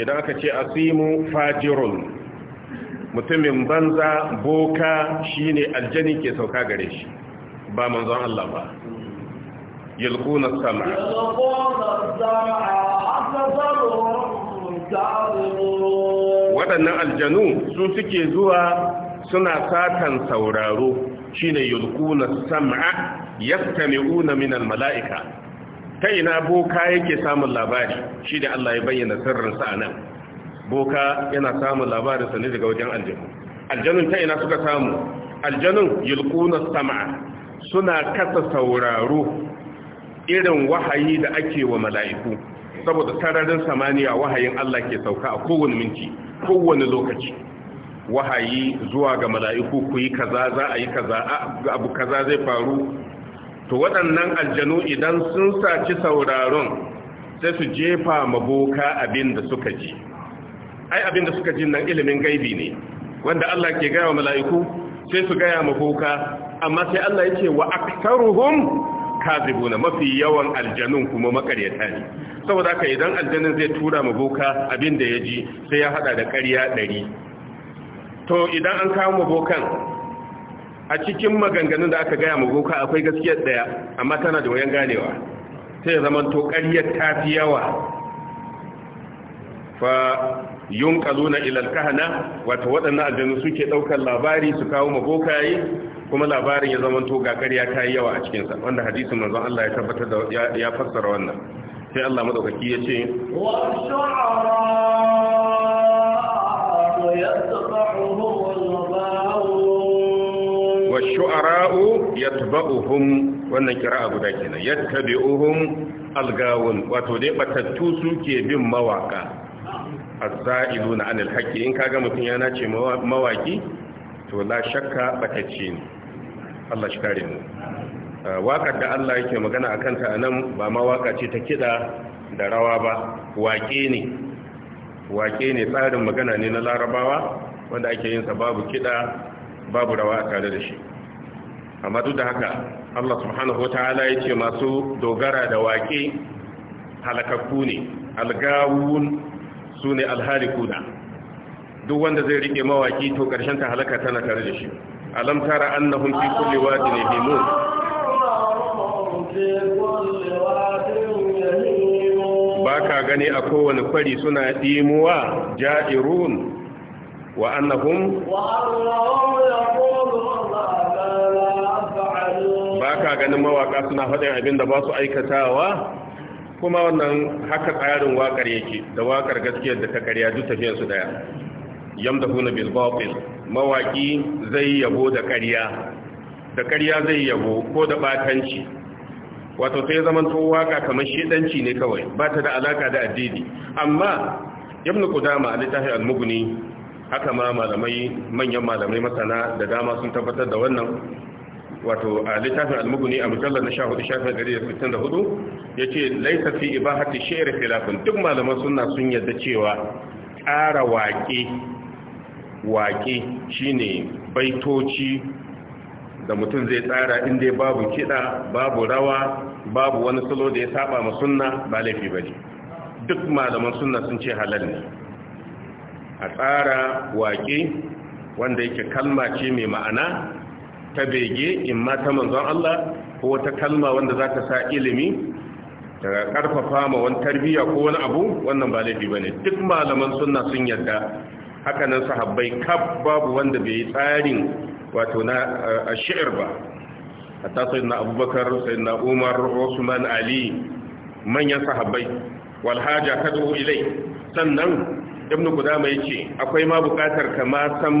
idan aka ce asimu fajirun mutumin banza boka shine aljani ke sauka gare shi ba manzon Allah ba yalquna sama waɗannan aljanu su suke zuwa suna satan sauraro shine yulquna sam'a yastami'una min almala'ika ta ina boka yake samun labari shi da Allah ya bayyana sirrinsa anan boka yana samun labarin sa ne daga wajen aljanu aljanun ta ina suka samu aljanun yulquna sam'a suna kasa sauraro irin wahayi da ake wa mala'iku saboda sararin samaniya wahayin Allah ke sauka a kowane minti kowane lokaci wahayi zuwa ga mala'iku ku yi kaza za a yi kaza abu kaza zai faru to waɗannan aljanu idan sun saci sauraron sai su jefa maboka abin da suka ji ai abin da suka jin nan ilimin gaibi ne wanda Allah ke gaya wa mala'iku sai su gaya ma boka amma sai Allah yake wa aktaruhum kazibuna mafi yawan aljanun kuma makaryata ne saboda haka idan aljanin zai tura ma boka abin da ya ji sai ya hada da ƙarya ɗari to idan an kawo ma bokan a cikin maganganun da aka gaya ma boka akwai gaskiyar ɗaya amma tana da wayan ganewa sai ya zama to ƙaryar ta fi yawa fa yunqaluna ila alkahana wato waɗannan aljannu suke ɗaukar labari su kawo mabokaye kuma labarin ya zama to ga ƙarya ta yawa a cikin sa wanda hadisin manzon Allah ya tabbatar da ya fassara wannan sai Allah madaukaki ya ce wa shu'ara yasbahu wa shu'ara'u yatba'uhum wannan kira'a guda kenan yattabi'uhum algawun wato dai batattu suke bin mawaka as na 'anil haqqi in kaga mutun yana ce mawaƙi, to la shakka ce ne Allah shi kare mu ah, waƙar da Allah yake magana a kanta a nan ba mawaƙa ce ta kiɗa da rawa ba waƙe ne waƙe ne tsarin magana ne na larabawa wanda ake yin sa babu kiɗa babu rawa a tare da shi amma duk da haka Allah subhanahu wata'ala ya ce masu dogara da waƙe halakakku ne algawun su ne alharikuna duk wanda zai rike mawaki to karshen ta halaka tana tare da shi alam tara kulle fi ne wadin Ba ka gani a kowane kwari suna dimuwa ja'irun wa Ba ka ganin mawaka suna faɗin abin da ba su aikatawa kuma wannan haka tsarin wakar yake da wakar gaskiyar da ta karya duk tafiyar su daya da bil batil mawaki zai yabo da karya da karya zai yabo ko da batanci wato sai zaman to waka kamar shedanci ne kawai ba ta da alaka da addini amma ibn qudama a tahi al-mughni haka ma malamai manyan malamai masana da dama sun tabbatar da wannan wato a littafin almuguni a mujallar na sha hudu shafin gari da sittin da hudu ya ce laifafi ibahati shere filafin duk malaman suna sun yadda cewa ƙara waƙe waƙe shine baitoci da mutum zai tsara inda babu kiɗa babu rawa babu wani salo da ya saba ma suna, ba laifi ba ne duk malaman suna sun ce halal ne a tsara waƙe wanda yake kalma ce mai ma'ana ta bege in ma ta manzon Allah ko wata kalma wanda za ta sa ilimi daga karfafa ma wani tarbiyya ko wani abu wannan ba laifi ne. duk malaman sunna sun yarda haka nan sahabbai kaf babu wanda bai yi tsarin wato na eh, shi'ir ba hatta sayyidina abubakar sayyidina umar usman ali manyan sahabbai Walhaja, haja tad'u ilai sannan ibnu qudama ce. akwai ma bukatar ma san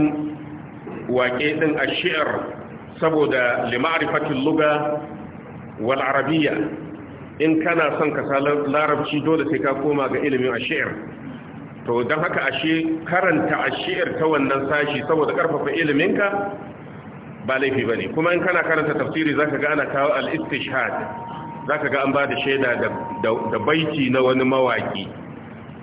waƙe din ash'ar saboda lima'arifatin luga wal Arabiya, in kana son ka sa larabci dole sai ka koma ga ilimin ashir to don haka ashe karanta ashir ta wannan sashi saboda karfafa iliminka ba laifi bane kuma in kana karanta tafsiri zaka ga ana kawo alistishad za zaka ga an ba da shaida da baiti na wani mawaki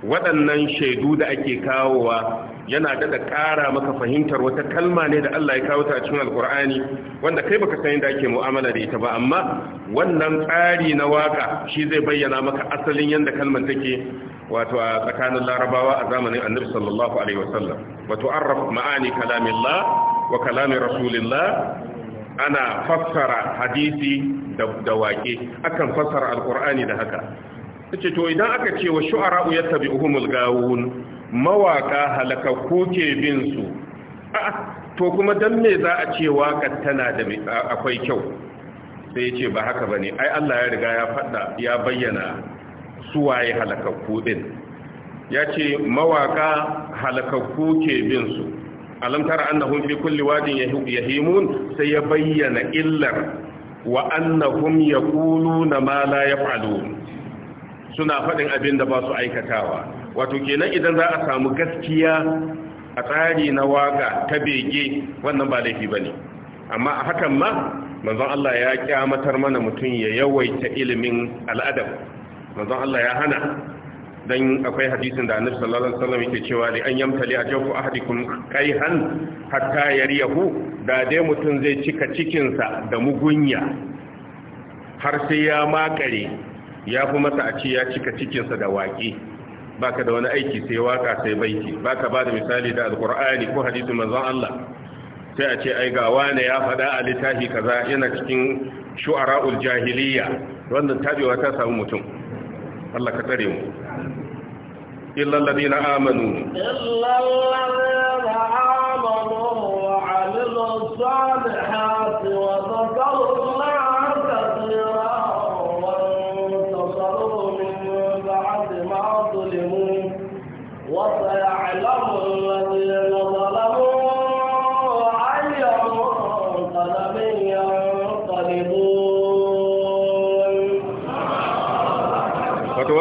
waɗannan shaidu da ake kawowa yana da ƙara maka fahimtar wata kalma ne da Allah ya kawo ta a cikin alkur'ani wanda kai baka san yadda ake mu'amala da ita ba amma wannan tsari na waka shi zai bayyana maka asalin yadda kalmar take wato a tsakanin larabawa a zamanin annabi sallallahu alaihi wasallam wato arraf ma'ani kalamillah wa kalami rasulillah ana fassara hadisi da waƙe akan fassara alkur'ani da haka ce to idan aka ce wa shu'ara'u yattabi'uhumul gawun mawaka ko ke bin su to kuma dan me za a ce waka tana da akwai kyau sai ya ce ba haka bane ai Allah ya riga ya fada ya bayyana su waye ko din ya ce mawaka halakakku ke bin su alam tara annahum fi kulli wadin yahimun sai ya bayyana illar wa annahum yaquluna ma la yaf'alun suna faɗin abin da ba su aikatawa wato kenan idan za a samu gaskiya a tsari na waka ta bege wannan ba laifi ba ne amma a hakan ma manzon Allah ya kyamatar mana mutum ya yawaita ilimin al'adab manzon Allah ya hana dan akwai hadisin da annabi sallallahu alaihi wasallam yake cewa li an yamtali a ahadikum kaihan hatta yariyahu da dai mutum zai cika cikinsa da mugunya har sai ya makare ya fi masa a ce ya cika cikinsa da waƙe ka da wani aiki sai waka sai Ba ka ba da misali da alkur'ani ko hadisi manzon Allah sai a ce ai ga wane ya faɗa a littafi kaza yana cikin shu'ara'ul jahiliya wannan tabewa ta samu mutum Allah ka tsare mu illa alladhina amanu illa alladhina amanu wa 'amilus salihati wa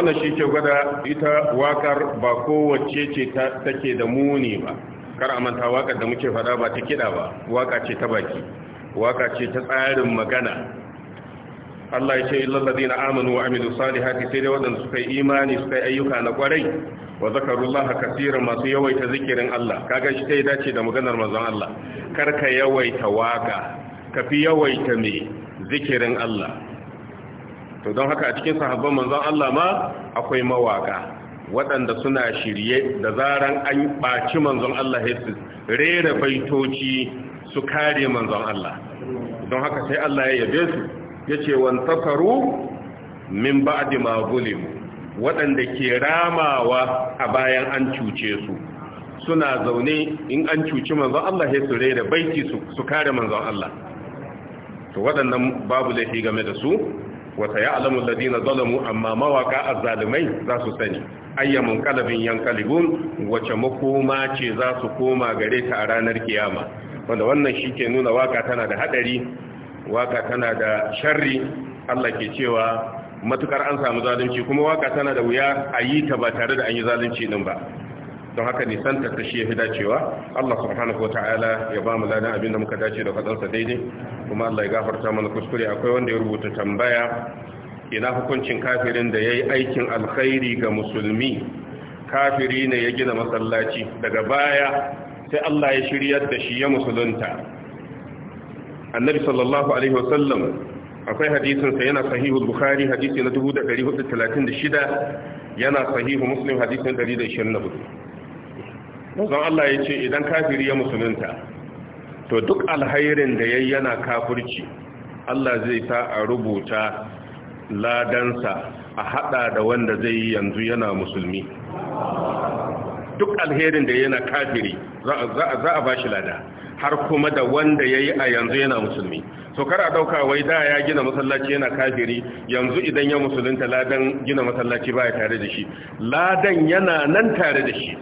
wannan shi ke gwada ita wakar ba kowace ce take da muni ba kar a manta wakar da muke fada ba ta kiɗa ba waka ce ta baki waka ce ta tsarin magana Allah ya ce na amanu wa amilu salihati sai dai waɗanda suka yi imani suka yi ayyuka na kwarai wa zakarullaha kaseeran masu yawaita zikirin Allah kaga shi sai dace da maganar manzon Allah kar ka yawaita waka ka fi yawaita mai, zikirin Allah to don haka a cikin sahabban manzon Allah ma akwai mawaka waɗanda suna shirye da zaran an ɓaci manzon Allah su rera baitoci su kare manzon Allah don haka sai Allah ya yabe su ya ce wantasaru min ba'di ma zulimu waɗanda ke ramawa a bayan an cuce su suna zaune in an cuci manzon Allah ya su rera baiti su kare manzon Allah to waɗannan babu laifi game da su wata ya alamun ladina zalamu amma mawaka azzalumai za su sani ayyamin kalabin yankalibun wace makoma ce za su koma gare ta a ranar kiyama wanda wannan shi ke nuna waka tana da hadari waka tana da sharri Allah ke cewa matukar an samu zalunci kuma waka tana da wuya a yi ta ba tare da an yi zalunci din ba don haka nisanta ta shi ya fi dacewa Allah subhanahu wa ta'ala ya ba mu ladan abin da muka dace da fadansa daidai kuma Allah ya gafarta mana kuskure akwai wanda ya rubuta tambaya ina hukuncin kafirin da ya yi aikin alkhairi ga musulmi kafiri ne ya gina masallaci daga baya sai Allah ya shiryar da shi ya musulunta annabi sallallahu alaihi wasallam akwai hadisinsa yana sahihul bukhari hadisi na 1436 yana sahihu muslim hadisin 124 don Allah ya ce idan kafiri ya musulunta to duk alhairin da ya yana kafirci Allah zai sa a rubuta ladansa a hada da wanda zai yi yanzu yana musulmi duk alherin da yana kafiri za a bashi lada har kuma da wanda ya yi a yanzu yana musulmi so kar a ɗauka wai da ya gina masallaci yana kafiri yanzu idan ya musulunta ladan gina masallaci baya tare da shi ladan yana nan tare da shi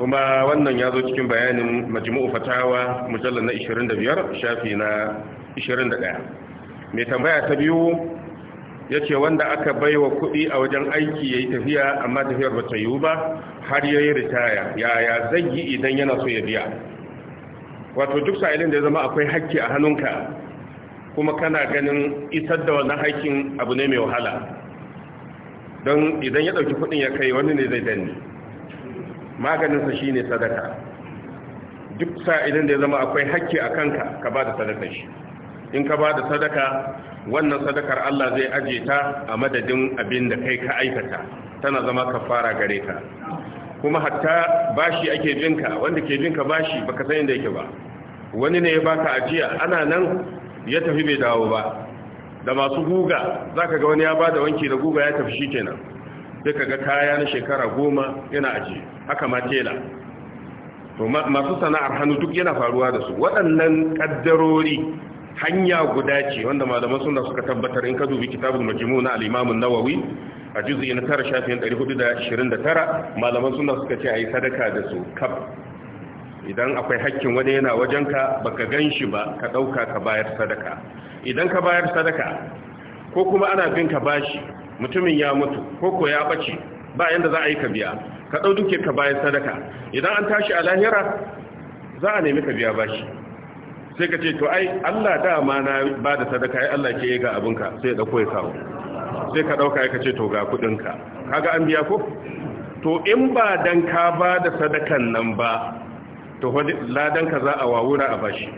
kuma wannan ya zo cikin bayanin majmu'u fatawa mujallar na 25 shafi na 21 mai tambaya ta biyu yace wanda aka baiwa kuɗi a wajen aiki yayi tafiya amma tafiyar ba ta yiwu ba har ya yi ritaya yaya zai yi idan yana so ya biya wato duk sa'ilin da ya zama akwai hakki a hannunka kuma kana ganin isar da wannan haƙƙin abu ne mai wahala don idan ya ɗauki kuɗin ya kai wani ne zai danne maganinsa shine sadaka duk idan da ya zama akwai hakki a kanka ka ba da sadaka shi in ka ba da sadaka wannan sadakar Allah zai aje ta a madadin abin da kai ka aikata tana zama kafara gare ka kuma hatta bashi ake binka wanda ke binka bashi baka san inda yake ba wani ne ya baka ajiya ana nan ya tafi bai dawo ba da masu guga zaka ga wani ya bada wanki da guga ya tafi shi kenan. sai kaga kaya na shekara goma yana aji haka ma tela to masu sana'ar hannu duk yana faruwa da su waɗannan ƙaddarori hanya guda ce wanda malaman suna suka tabbatar in ka dubi kitabul majmu na al-imam an-nawawi a juz'i na 9 shafin 429 malaman suna suka ce ayi sadaka da su kab idan akwai hakkin wani yana wajenka baka ganshi ba ka dauka ka bayar sadaka idan ka bayar sadaka ko kuma ana bin ka bashi mutumin ya mutu ko ko ya bace ba yanda za a yi ka biya ka ɗau duke ka bayan sadaka idan an tashi a lahira za a nemi ka biya bashi sai ka ce to ai Allah dama na ba da sadaka ai Allah ke ga ka sai ya ɗauko ya kawo sai ka ɗauka ka ce to ga kuɗinka kaga an biya ko to in ba dan ka ba da sadakan nan ba to ladan ka za a wawura a bashi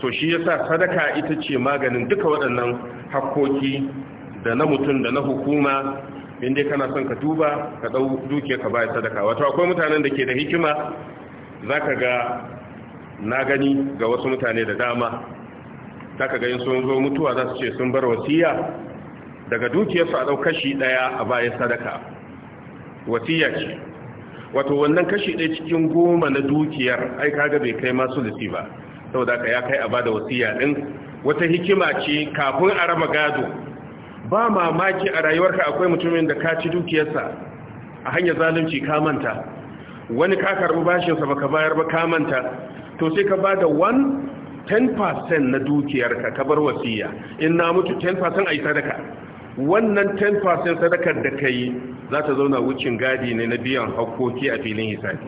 to shi yasa sadaka ita ce maganin duka waɗannan hakoki da na mutum da na hukuma inda kana son ka duba, ka dau duke ka bayar sadaka wato akwai mutanen da ke da hikima zaka ga na gani ga wasu mutane da dama zaka ga in sun zo mutuwa za su ce sun bar wasiya daga dukiyarsu a dau kashi daya a bayar sadaka wasiya ce wato wannan kashi ɗaya cikin goma na dukiyar ai kaga bai kai masu lissi ba saboda ka ya kai a bada wasiya din wata hikima ce kafin a raba gado ba mamaki a rayuwarka akwai mutumin da ka ci dukiyarsa a hanyar zalunci ka manta wani ka karbi bashinsa baka bayar ba ka manta to sai ka ba da 10% na dukiyarka ka bar wasiya in na mutu 10% a yi sadaka wannan 10% sadakar da ka yi za ta zauna wucin gadi ne na biyan hakkoki a filin hisabi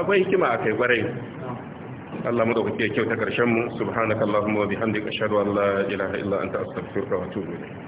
akwai hikima a kai kwarai Allah mu dauke kyauta karshen mu subhanakallahumma wa bihamdika ashhadu an la ilaha illa anta astaghfiruka wa atubu ilayk